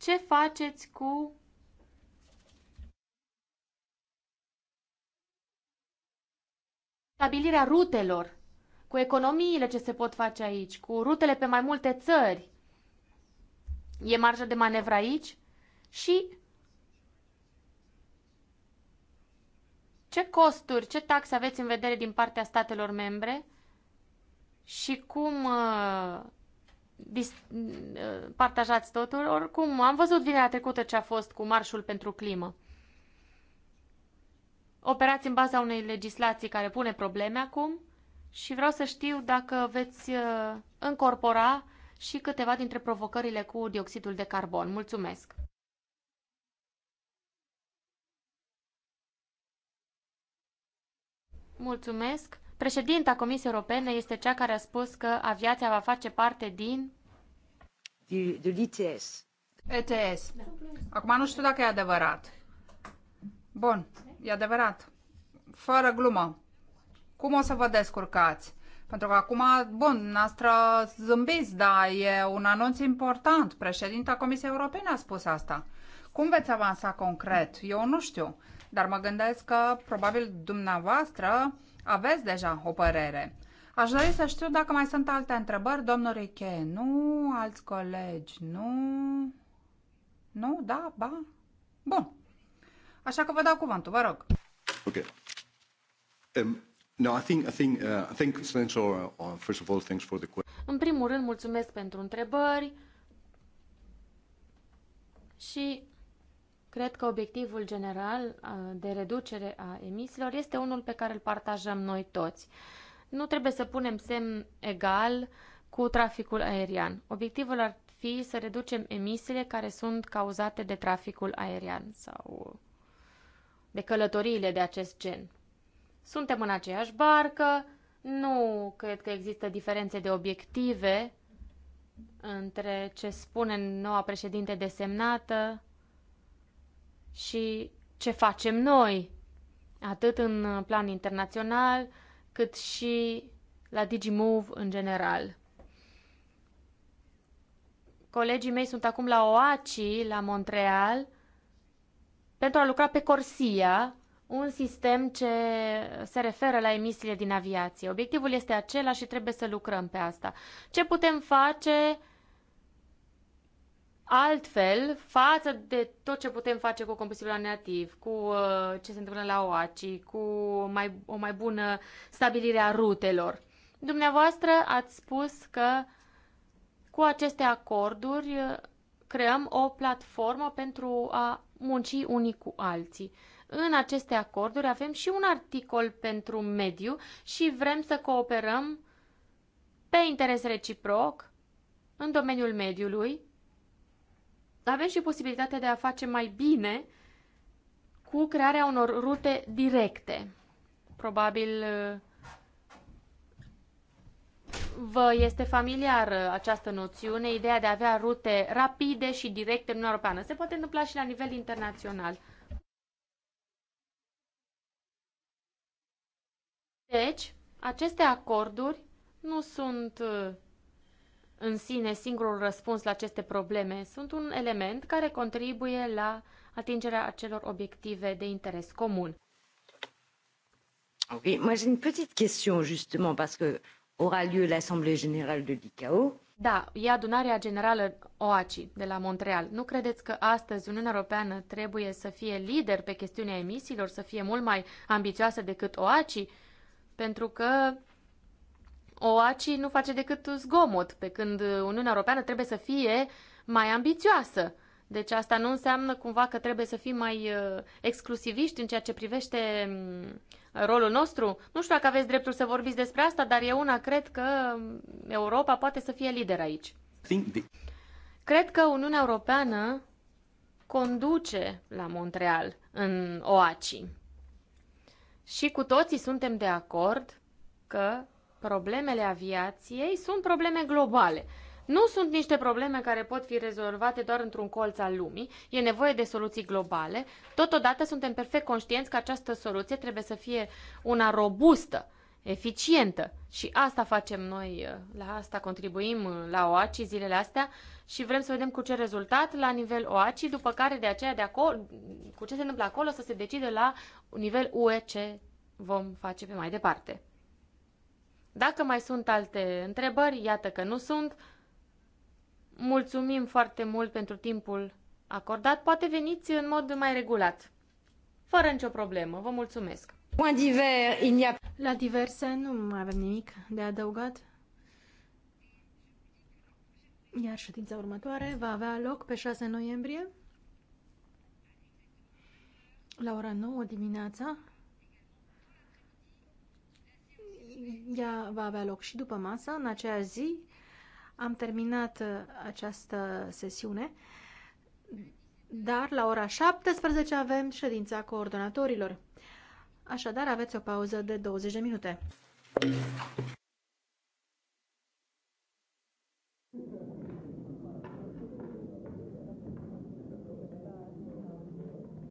Ce faceți cu stabilirea rutelor, cu economiile ce se pot face aici, cu rutele pe mai multe țări. E marja de manevră aici și ce costuri, ce taxe aveți în vedere din partea statelor membre și cum uh, dis, uh, partajați totul. Oricum, am văzut vinerea trecută ce a fost cu marșul pentru climă operați în baza unei legislații care pune probleme acum și vreau să știu dacă veți uh, încorpora și câteva dintre provocările cu dioxidul de carbon. Mulțumesc! Mulțumesc! Președinta Comisiei Europene este cea care a spus că aviația
va face parte din... De, de ETS. ETS. Acum nu știu dacă e adevărat. Bun e adevărat. Fără glumă. Cum o să vă descurcați? Pentru că acum, bun, noastră zâmbiți, dar e un anunț important. Președinta Comisiei Europene a spus asta. Cum veți avansa concret? Eu nu știu. Dar mă gândesc că probabil dumneavoastră aveți deja o părere. Aș dori să știu dacă mai sunt alte întrebări, domnul Riche. Nu, alți colegi, nu. Nu, da, ba. Bun. Așa că vă dau cuvântul, vă rog.
Ok.
Um, no, I think, I think, uh, I think, Senator, uh, uh, first of all, thanks for the question.
În primul rând, mulțumesc pentru întrebări și Cred că obiectivul general uh, de reducere a emisiilor este unul pe care îl partajăm noi toți. Nu trebuie să punem semn egal cu traficul aerian. Obiectivul ar fi să reducem emisiile care sunt cauzate de traficul aerian sau de călătoriile de acest gen. Suntem în aceeași barcă, nu cred că există diferențe de obiective între ce spune noua președinte desemnată și ce facem noi, atât în plan internațional, cât și la DigiMove în general. Colegii mei sunt acum la OACI, la Montreal, pentru a lucra pe Corsia, un sistem ce se referă la emisiile din aviație. Obiectivul este acela și trebuie să lucrăm pe asta. Ce putem face altfel față de tot ce putem face cu combustibilul nativ, cu uh, ce se întâmplă la OACI, cu mai, o mai bună stabilire a rutelor? Dumneavoastră ați spus că cu aceste acorduri uh, creăm o platformă pentru a munci unii cu alții. În aceste acorduri avem și un articol pentru mediu și vrem să cooperăm pe interes reciproc în domeniul mediului. Avem și posibilitatea de a face mai bine cu crearea unor rute directe. Probabil vă este familiară uh, această noțiune, ideea de a avea rute rapide și directe în Uniunea Europeană. Se poate întâmpla și la nivel internațional. Deci, aceste acorduri nu sunt uh, în sine singurul răspuns la aceste probleme, sunt un element care contribuie la atingerea acelor obiective de interes comun.
Oui, moi j'ai une petite question justement parce que aura lieu l'Assemblée Générale de
l'ICAO. Da, e adunarea generală OACI de la Montreal. Nu credeți că astăzi Uniunea Europeană trebuie să fie lider pe chestiunea emisiilor, să fie mult mai ambițioasă decât OACI? Pentru că OACI nu face decât zgomot, pe când Uniunea Europeană trebuie să fie mai ambițioasă. Deci asta nu înseamnă cumva că trebuie să fim mai uh, exclusiviști în ceea ce privește mm, rolul nostru. Nu știu dacă aveți dreptul să vorbiți despre asta, dar eu una cred că Europa poate să fie lider aici. Cred că Uniunea Europeană conduce la Montreal, în OACI. Și cu toții suntem de acord că problemele aviației sunt probleme globale. Nu sunt niște probleme care pot fi rezolvate doar într-un colț al lumii, e nevoie de soluții globale. Totodată suntem perfect conștienți că această soluție trebuie să fie una robustă, eficientă și asta facem noi, la asta contribuim la OACI zilele astea și vrem să vedem cu ce rezultat la nivel OACI, după care de aceea de acolo, cu ce se întâmplă acolo să se decide la nivel UE ce vom face pe mai departe. Dacă mai sunt alte întrebări, iată că nu sunt, Mulțumim foarte mult pentru timpul acordat. Poate veniți în mod mai regulat. Fără nicio problemă. Vă mulțumesc.
La diverse nu mai avem nimic de adăugat. Iar ședința următoare va avea loc pe 6 noiembrie la ora 9 dimineața. Ea va avea loc și după masa, în aceea zi, am terminat uh, această sesiune, dar la ora 17 avem ședința coordonatorilor. Așadar, aveți o pauză de 20 de minute.